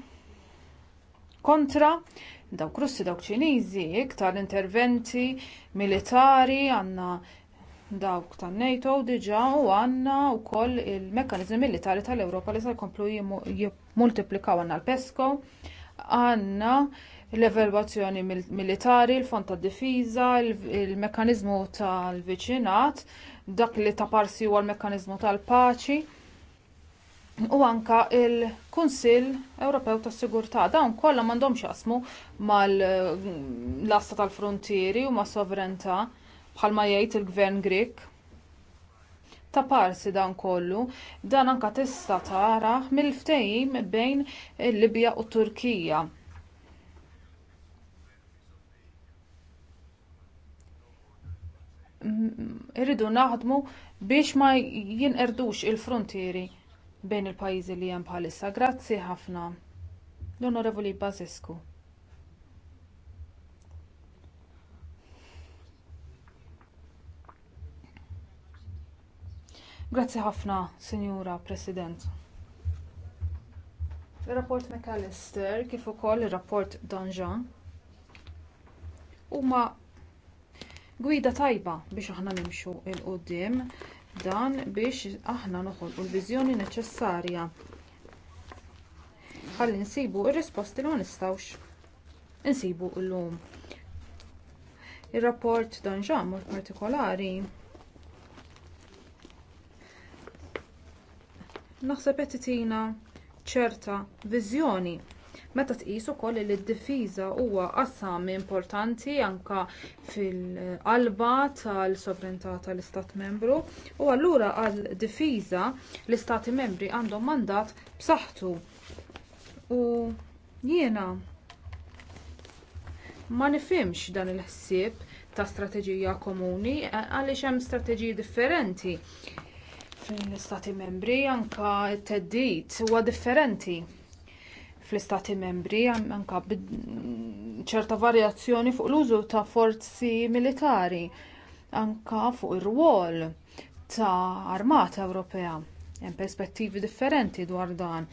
kontra dawk Russi, dawk Ċiniżi, iktar interventi militari għandna dawk tan NATO diġà u għandna wkoll il-mekkaniżmi militari tal-Ewropa li se jkomplu jimmultiplikaw għandna l-PESCO, għandna l-evalwazzjoni militari, l-fond tad difiża, il-mekkaniżmu tal-viċinat, dak li ta' parsi huwa l-mekkaniżmu tal-paċi u anka il-Kunsill Ewropew tas-Sigurtà dawn kollha m'għandhomx jasmu mal-lasta tal-frontieri u mas sovranità bħalma jgħid il-Gvern Grek. Ta' parsi dan kollu, dan anka tista' tara mill-ftehim bejn il-Libja u t Turkija. Irridu naħdmu biex ma jinqerdux il-frontieri bejn il-pajjiżi li hemm bħalissa. Grazzi ħafna. L-Onorevoli Bazescu. Grazzi ħafna, Sinjura President. Ir-rapport McAllister kif ukoll ir-rapport Danjean huma gwida tajba biex aħna nimxu il-qudiem dan biex aħna noħolqu l-viżjoni neċessarja ħalli nsibu r-risposti li ma nistgħux insibu llum. Ir-rapport dan ġammur partikolari naħseb qed titina ċerta viżjoni Meta tqis ukoll li d-difiża huwa qassam importanti anke fil-qalba tal-sovranità tal-Istat membru u allura għal difiża l-Istati membri għandhom mandat b'saħħtu. U jiena ma nifhimx dan il-ħsieb ta' strateġija komuni għaliex hemm strateġiji differenti fl istati membri anke t-teddid huwa differenti fl-istati membri anka ċerta varjazzjoni fuq l-użu ta' forzi militari anka fuq ir-rwol ta' armata Ewropea. Hemm perspettivi differenti dwar dan.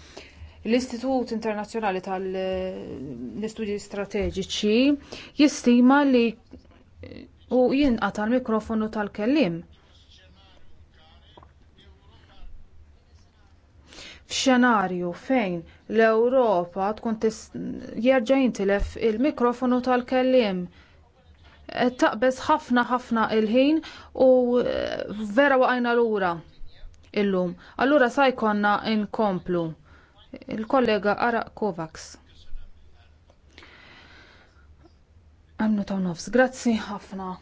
L-Istitut Internazzjonali tal-Istudji Strateġiċi jistima li u jinqata' l-mikrofonu tal-kellim. F'xenarju fejn l-Ewropa tkun jerġa' jintilef il-mikrofonu tal-kelliem. Taqbeż ħafna ħafna il-ħin u e, vera waqajna lura illum. Allura sa jkollna inkomplu. Il-kollega Ara Kovacs. Għamnu ta' nofs, grazzi ħafna.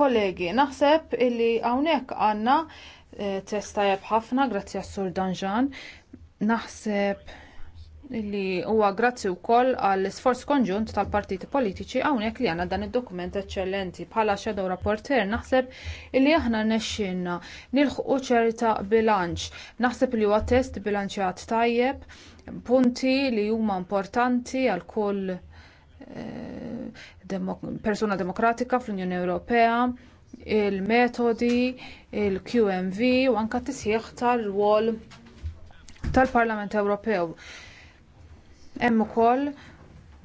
Kollegi, naħseb illi hawnhekk għandna Eh, Testa tajjeb ħafna, grazzi għas-Sur Danġan. Naħseb li huwa grazzi wkoll għall isforz konġunt tal-partiti politiċi hawnhekk li għandna dan id-dokument eċċellenti bħala shadow rapporter naħseb li aħna nexxinna nilħqu ċerta bilanċ. Naħseb li huwa test bilanċjat tajjeb, punti li huma importanti għal kull eh, demok persuna demokratika fl-Unjoni Ewropea il-metodi, il-QMV u anke tisħiħ tal wol tal-Parlament Ewropew. Hemm ukoll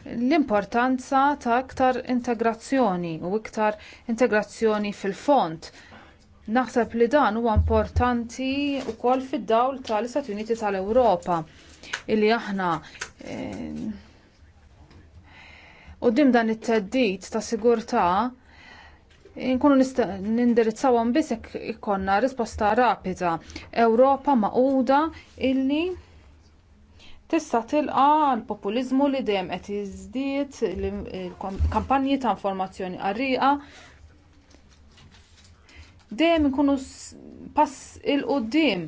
l-importanza ta' iktar integrazzjoni u iktar integrazzjoni fil-fond Naħseb li dan huwa importanti wkoll fid-dawl tal-Istati Uniti tal-Ewropa illi aħna eh, quddiem dan it-teddid ta' sigurtà Inkunu nindirizzawhom biss jekk ikonna risposta rapida. Ewropa maquda illi tista' tilqa l-populiżmu li dejjem qed iżdied il-kampanji ta' informazzjoni qarrieqa dejjem inkunu pass il qudiem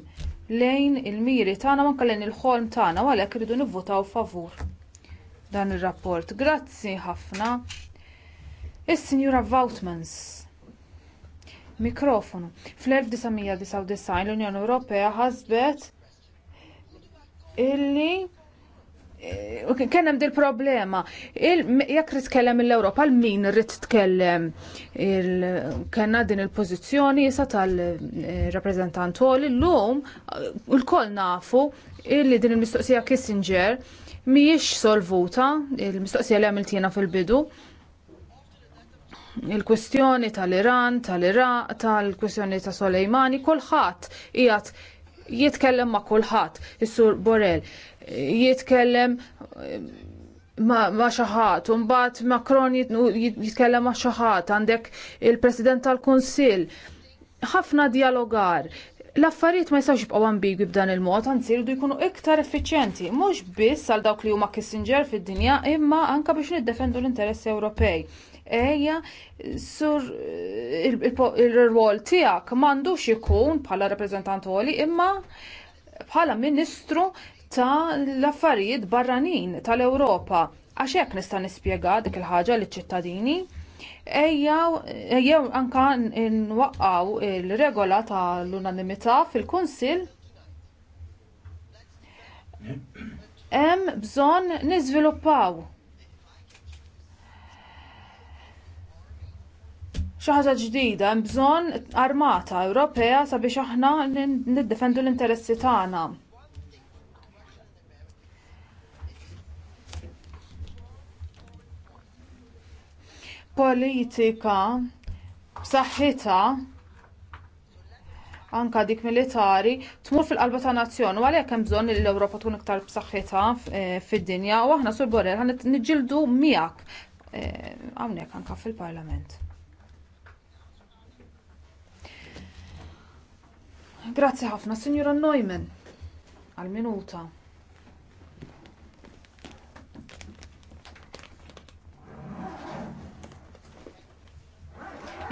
lejn il-miri tagħna ma lejn il-ħolm tagħna u għalhekk iridu nivvotaw favur dan ir-rapport. Grazzi ħafna. Is-Sinjura Vautmans mikrofonu. Fl-1999 l-Unjoni Ewropea ħasbet illi eh, kien hemm dil problema. Jekk rid tkellem l-Ewropa l min rrid tkellem kellna din il-pożizzjoni jisa tal l-lum eh, l koll nafu illi din il-mistoqsija Kissinger mhijiex solvuta, il-mistoqsija li għamiltina fil-bidu il-kwestjoni tal-Iran, tal-Iraq, tal-kwestjoni ta' Soleimani, kulħadd jgħat jitkellem ma' kulħadd, is-Sur Borrell, jitkellem ma' xi ħadd, u Macron jitkellem ma' xi ħadd, għandek il-President tal-Kunsill. Ħafna dialogar, l-affarijiet ma jistgħux jibqaw ambigwi b'dan il-mod, anzi jridu jkunu iktar effiċjenti, mhux biss għal dawk li huma Kissinger fid-dinja, imma anke biex niddefendu l-interessi Ewropej. Eja, sur eh, il-rwol tijak mandu ikun bħala reprezentantoli imma bħala ministru ta' l-affarijiet barranin tal-Europa. Għaxek nista' nispjega dik il-ħaġa li ċittadini Ejjaw, ejjaw anka nwaqqaw il-regola tal-unanimità fil-Kunsil. Hemm bżonn niżviluppaw xi ħaġa ġdida, hemm bżonn armata Ewropea sabiex aħna niddefendu l-interessi tagħna. Politika b'saħħitha anka dik militari tmur fil-qalba ta' nazzjon u għalhekk hemm bżonn li l-Ewropa tkun iktar b'saħħitha eh, fid-dinja u aħna sur borer ħan niġġieldu miegħek eh, hawnhekk anke fil-Parlament. Grazzi ħafna, Signora Neumann, għal-minuta.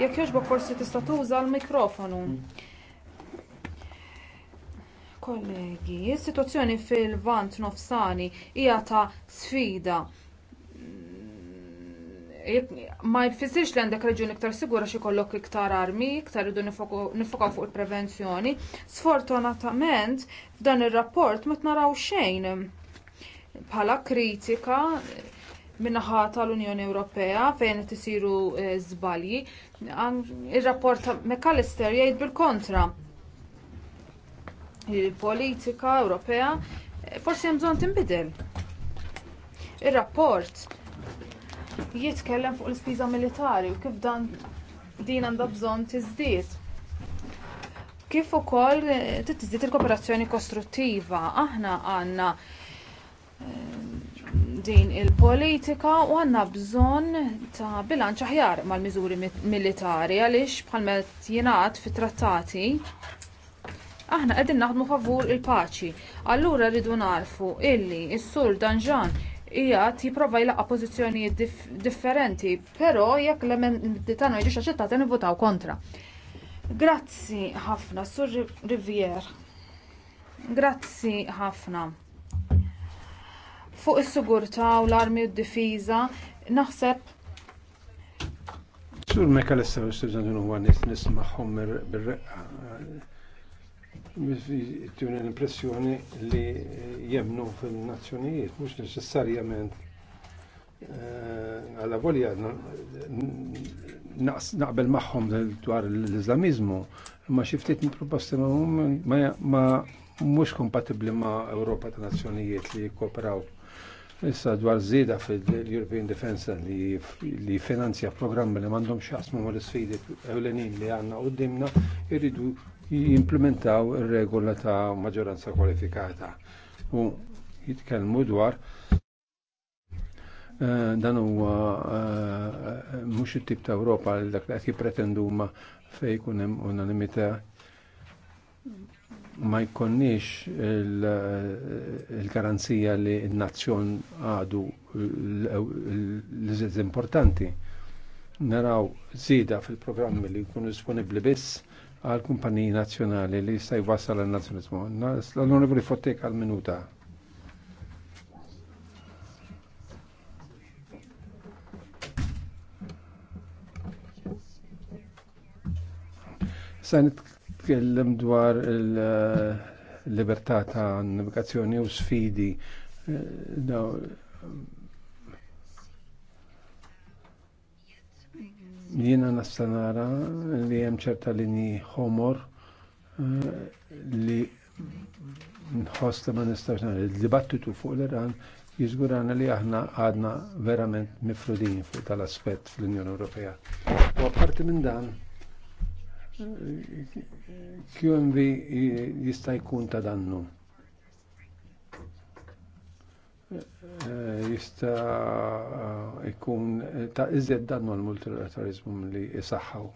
Jekk jogħġbok forsi tista' tuża l-mikrofonu. Kollegi, is-sitwazzjoni fil-vant nofsani hija ta' sfida ma jfissirx li għandek reġjun iktar sigura xie kollok iktar armi, iktar idu nifokaw fuq il-prevenzjoni. Sfortunatament f'dan ir-rapport ma naraw xejn bħala kritika minnaħa tal-Unjoni Ewropea fejn qed isiru e, żbalji. Ir-rapport McAllister jgħid bil-kontra. Il-politika Ewropea e, forsi jemżon bżonn tinbidel. Ir-rapport jitkellem fuq l-ispiża militari u kif dan din għandha bżonn tiżdied kif ukoll eh, tiżdied il-kooperazzjoni kostruttiva. Aħna għandna eh, din il-politika u għandna bżonn ta' bilanċ aħjar mal-miżuri militari għaliex bħalma jingħad fit-trattati aħna qegħdin naħdmu favur il-paċi. Allura rridu narfu illi s-sur Danġan qiegħed jipprova jlaqa' pożizzjonijiet differenti, però jekk l-emendi tagħna jiġux aċċettati votaw kontra. Grazzi ħafna, Sur Rivier. Grazzi ħafna. Fuq is-sigurtà u l-armi u d-difiża, naħseb Sur mekka l-istaw istużan n-għan nismaħħom bil-reqqa tjuna l-impressjoni li jemnu fil-nazzjonijiet, mux neċessarjament eh, għalla volja naqbel maħħom dwar l-Islamizmu, ma xiftit proposti ma mux kompatibli ma Europa ta' nazzjonijiet li kooperaw. Issa dwar zida fil-European Defense li finanzja programmi li mandom xasmu ma l-sfidi ewlenin li għanna u dimna irridu jimplementaw ir-regola ta' maġġoranza kwalifikata u jitkellmu dwar dan huwa mhux it-tip ta' Ewropa li dak li qed jippretendu huma fejn jkun hemm unanimità ma jkonniex il-garanzija li n-nazzjon għadu l-iżiet importanti. Naraw zida fil-programmi li jkunu disponibli biss għal kumpaniji nazjonali li jista' jwassal għal nazjonizmu. L-Onorevoli Fottek għal minuta. Sa' nitkellem dwar il-libertà ta' navigazzjoni u sfidi eh, Jiena nastanara li hemm ċerta lini homor eh, li nħosta ma nistax nagħmel. Il-dibattitu fuq l-Iran jizgurana li aħna għadna verament mifrudin fuq tal-aspett fl-Unjoni Ewropea. U apparti minn dan, eh, QMV jista' jkun ta' dannu Eh, jista jkun eh, ta' iżjed dannu l-multilateralizmu li jisaxħaw.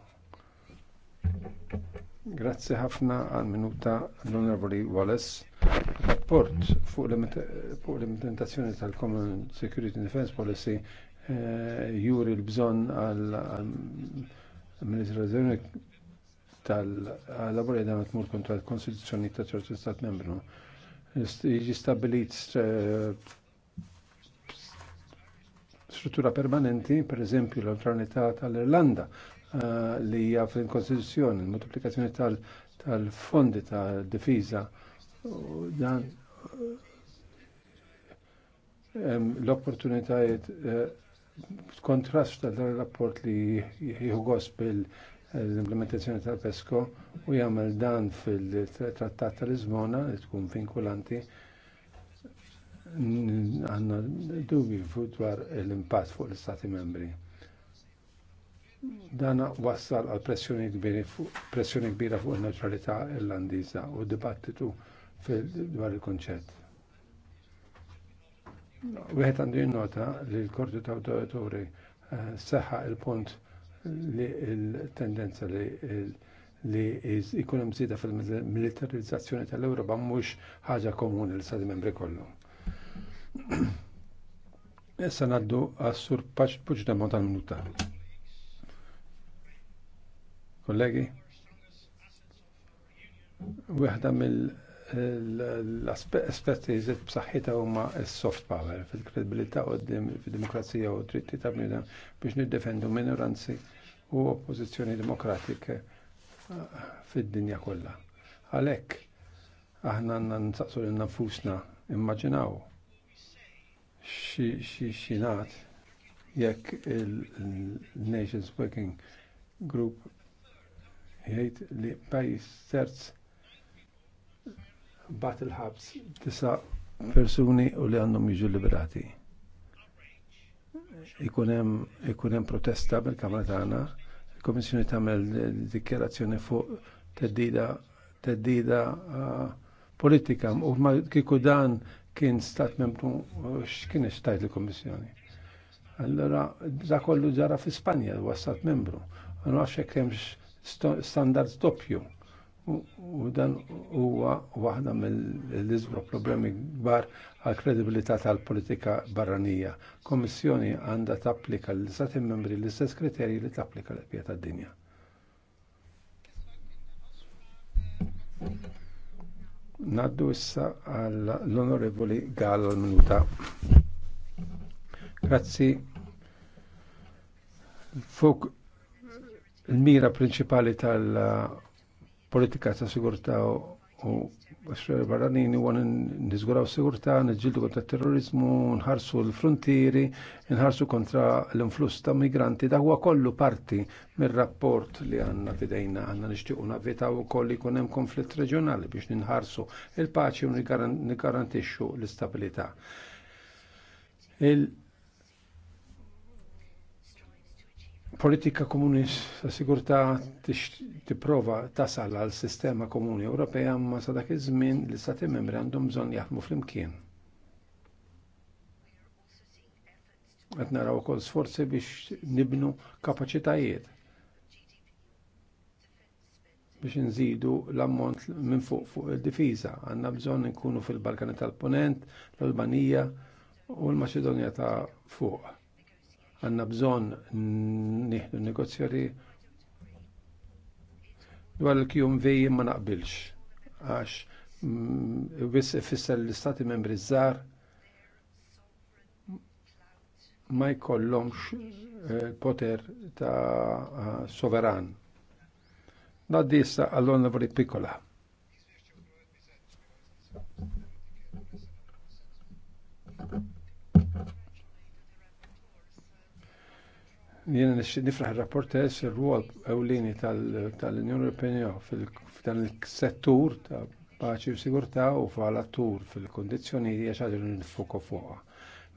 Grazzi ħafna għal minuta l-Onorevoli Wallace. Rapport fuq l-implementazzjoni tal-Common Security and Defense Policy eh, juri l-bżon għal-amministrazzjoni tal-labori dan tmur kontra l-Konstituzzjoni ta' ċertu Stat membru. Jistabilit struttura permanenti, per eżempju l-Autorità tal-Irlanda eh, li hija fil-Kostituzzjoni, l-multiplikazzjoni tal-fondi tal-difiża dan eh, l-opportunitajiet eh, kontrast tal rapport li jieħu bil l-implementazzjoni tal-PESCO u jagħmel dan fil-Trattat tal-Lisbona li tkun vinkulanti għanna dubi dwar l impat fuq l-Stati membri. Dana wassal għal pressjoni kbira fuq il-neutralità irlandiża u dibattitu dwar il-konċett. Wieħed għandu jinnota li l-Korti ta' Awtorituri eh, seħħa il-punt li l-tendenza li li ikun hemm fil-militarizzazzjoni tal-Ewropa mhux ħaġa komuni l-Stati membri kollu. Issa naddu għas-sur Puġdemo tal-minuta. Kollegi, wieħda mill-aspetti jżid b'saħħitha huma s-soft power fil-kredibilità u fid-demokrazija u dritti ta' bnidem biex niddefendu minoranzi u oppożizzjoni demokratike ah, fid-dinja kollha. Għalhekk aħna għandna nsaqsu lil nafusna immaġinaw xinat jekk il-Nations Working Group jgħid li pajis terz bat il-ħabs tisa persuni u li għandhom jiġu liberati. Ikunem protesta bil-Kamra tagħna, il-Komissjoni tagħmel dikjerazzjoni fuq teddida teddida ah, politika u ma kiku dan kien stat membru x'kien eh, tajt il-Kommissjoni. Allora, da kollu ġara fi Spanja, huwa stat membru. Għanu għax hekk standards doppju. U dan huwa waħda mill izbro problemi kbar għal kredibilità tal-politika barranija. Kommissjoni għandha tapplika l-istati membri l-istess kriterji li tapplika l pieta tad-dinja. Naddu issa għall-Onorevoli Gall minuta. Grazzi. Fuq il-mira principali tal-politika ta' sigurtà u għax barranin huwa niżguraw sigurtà, niġġieldu kontra terrorizmu, nħarsu l-frontieri, nħarsu kontra l-influss ta' migranti. Da huwa kollu parti mir-rapport li għandna fidejna għandna nixtiequ navvitaw ukoll li jkun hemm konflitt reġjonali biex ninħarsu il-paċi u nigarantixxu l-istabilità politika komuni ta' sigurtà tipprova tasal għal sistema komuni Ewropea ma sa dak iż-żmien li stati membri għandhom bżonn jaħdmu flimkien. Qed naraw ukoll sforzi biex nibnu kapaċitajiet biex nżidu l-ammont minn fuq fuq il-difiża. Għandna bżonn nkunu fil-Balkani tal-Punent, l-Albanija u l-Maċedonja ta' fuq għanna bżon nieħdu negozjati dwar il-QMV ma naqbilx għax mm, wis fissa l-istati membri zzar ma jkollhomx eh, poter ta' soveran. Naddi issa l onorevoli pikola. Jena nifraħ il-rapportess il-ruol ewlini tal-Unjoni Ewropea fil-dan il-settur ta' paċi u sigurtà u fil-attur fil-kondizjoni li għaxħaġa nifoko fuqa.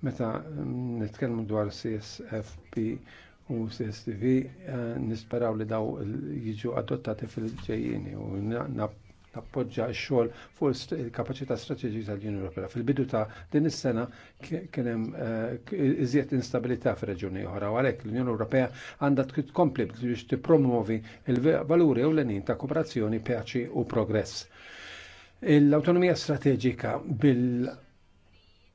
Meta mm, nitkellmu dwar CSFP u CSTV eh, nisperaw li daw jiġu adottati fil-ġejjini u Tappoġġa x-xogħol fuq il-kapaċità strateġika tal-Unjoni Ewropea. Fil-bidu ta' din is-sena kien hemm eh, iżjed instabilità fir-reġjuni oħra u għalhekk l-Unjoni Ewropea għandha tkompli biex tippromovi il-valuri ewlenin ta' kooperazzjoni, paċi u progress. L-autonomija strateġika bil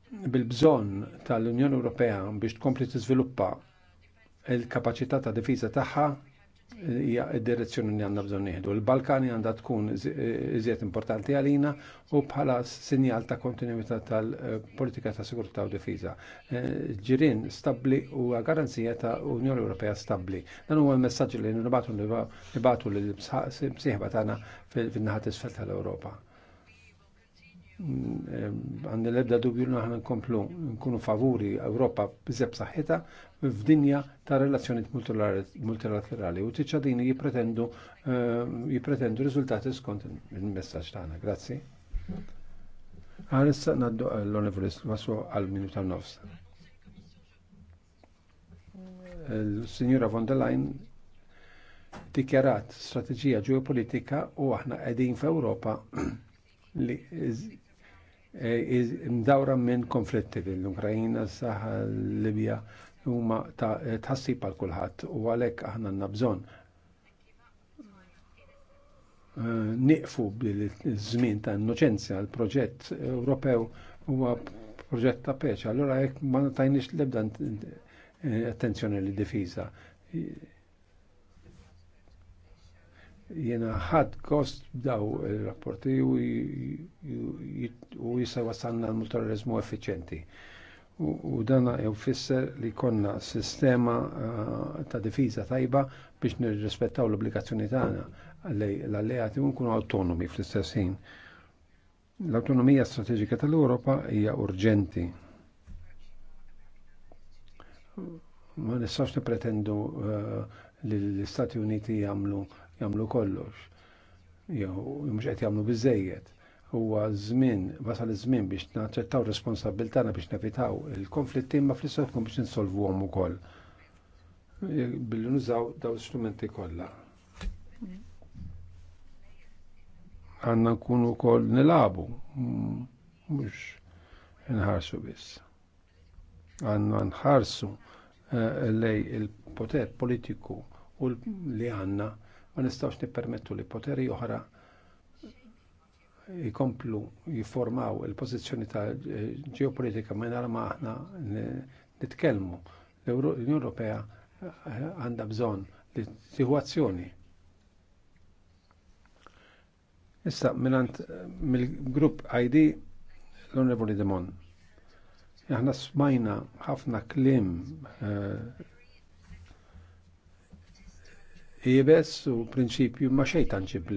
bil-bżonn tal-Unjoni Ewropea biex tkompli tiżviluppa il-kapacità ta' difiża tagħha hija id-direzzjoni li għandna bżonn nieħdu. Il-Balkani għandha tkun iżjed importanti għalina u bħala sinjal ta' kontinuità tal-politika ta' sigurtà u difiża. Eh, ġirien stabbli u garanzija ta' Unjoni Ewropea stabbli. Dan huwa l-messaġġ li nibatu nibatu lil msieħba tagħna fin-naħat isfel tal-Ewropa. Mm, eh, għandna l-ebda dubju li nkomplu nkunu favuri Ewropa bżeb saħħitha f'dinja ta' relazzjoni multilaterali u t-ċadini jipretendu eh, jipretendu rizultati skont il-messaġġ tagħna. Grazzi. Għalissa ah, naddu l-Onorevoli Masu għal-minuta nofs. Eh, signora von der Leyen dikjarat strategija ġeopolitika u aħna qegħdin f'Ewropa li eh, mdawra minn konflitti l-Ukrajina, Saħa, Libja, huma ta' tħassib għal kulħadd u għalhekk aħna għandna bżonn eh, niqfu bil-żmien ta' innoċenzja l-proġett Ewropew huwa proġett ta' peċ, allura jekk ma tajniex l-ebda eh, attenzjoni li difiża. Jena ħadd kost daw il-rapporti u jisa wasalna l-motorizmu effiċenti u dana jew fisser li konna sistema eh, ta' difiża tajba biex nirrispettaw l-obbligazzjoni tagħna l-alleati u nkunu autonomi fl-istess ħin. L-autonomija strateġika tal-Ewropa hija urġenti. Ma nistax nipretendu eh, li l-Istati Uniti jagħmlu jagħmlu kollox. Jew mhux qed jagħmlu biżejjed huwa żmien wasal iż-żmien biex naċċettaw responsabbiltana biex nevitaw il-konflitti imma fl-istess tkun biex insolvuhom ukoll. Billi nużaw daw l-istrumenti kollha. Għandna nkunu nilabu mhux inħarsu biss. Għandna nħarsu eh, lej il-poter politiku u li għandna ma nistgħux nippermettu li poteri oħra jikomplu, jiformaw il pozizjoni ta' ġeopolitika minn ma aħna nitkelmu. L-Unjoni Ewropea eh, għanda bżon li tieħu azzjoni. Issa minnant mill-grupp ID l-Onorevoli Demon. Aħna smajna ħafna klim jibess eh, u prinċipju ma xejtan tanġibli.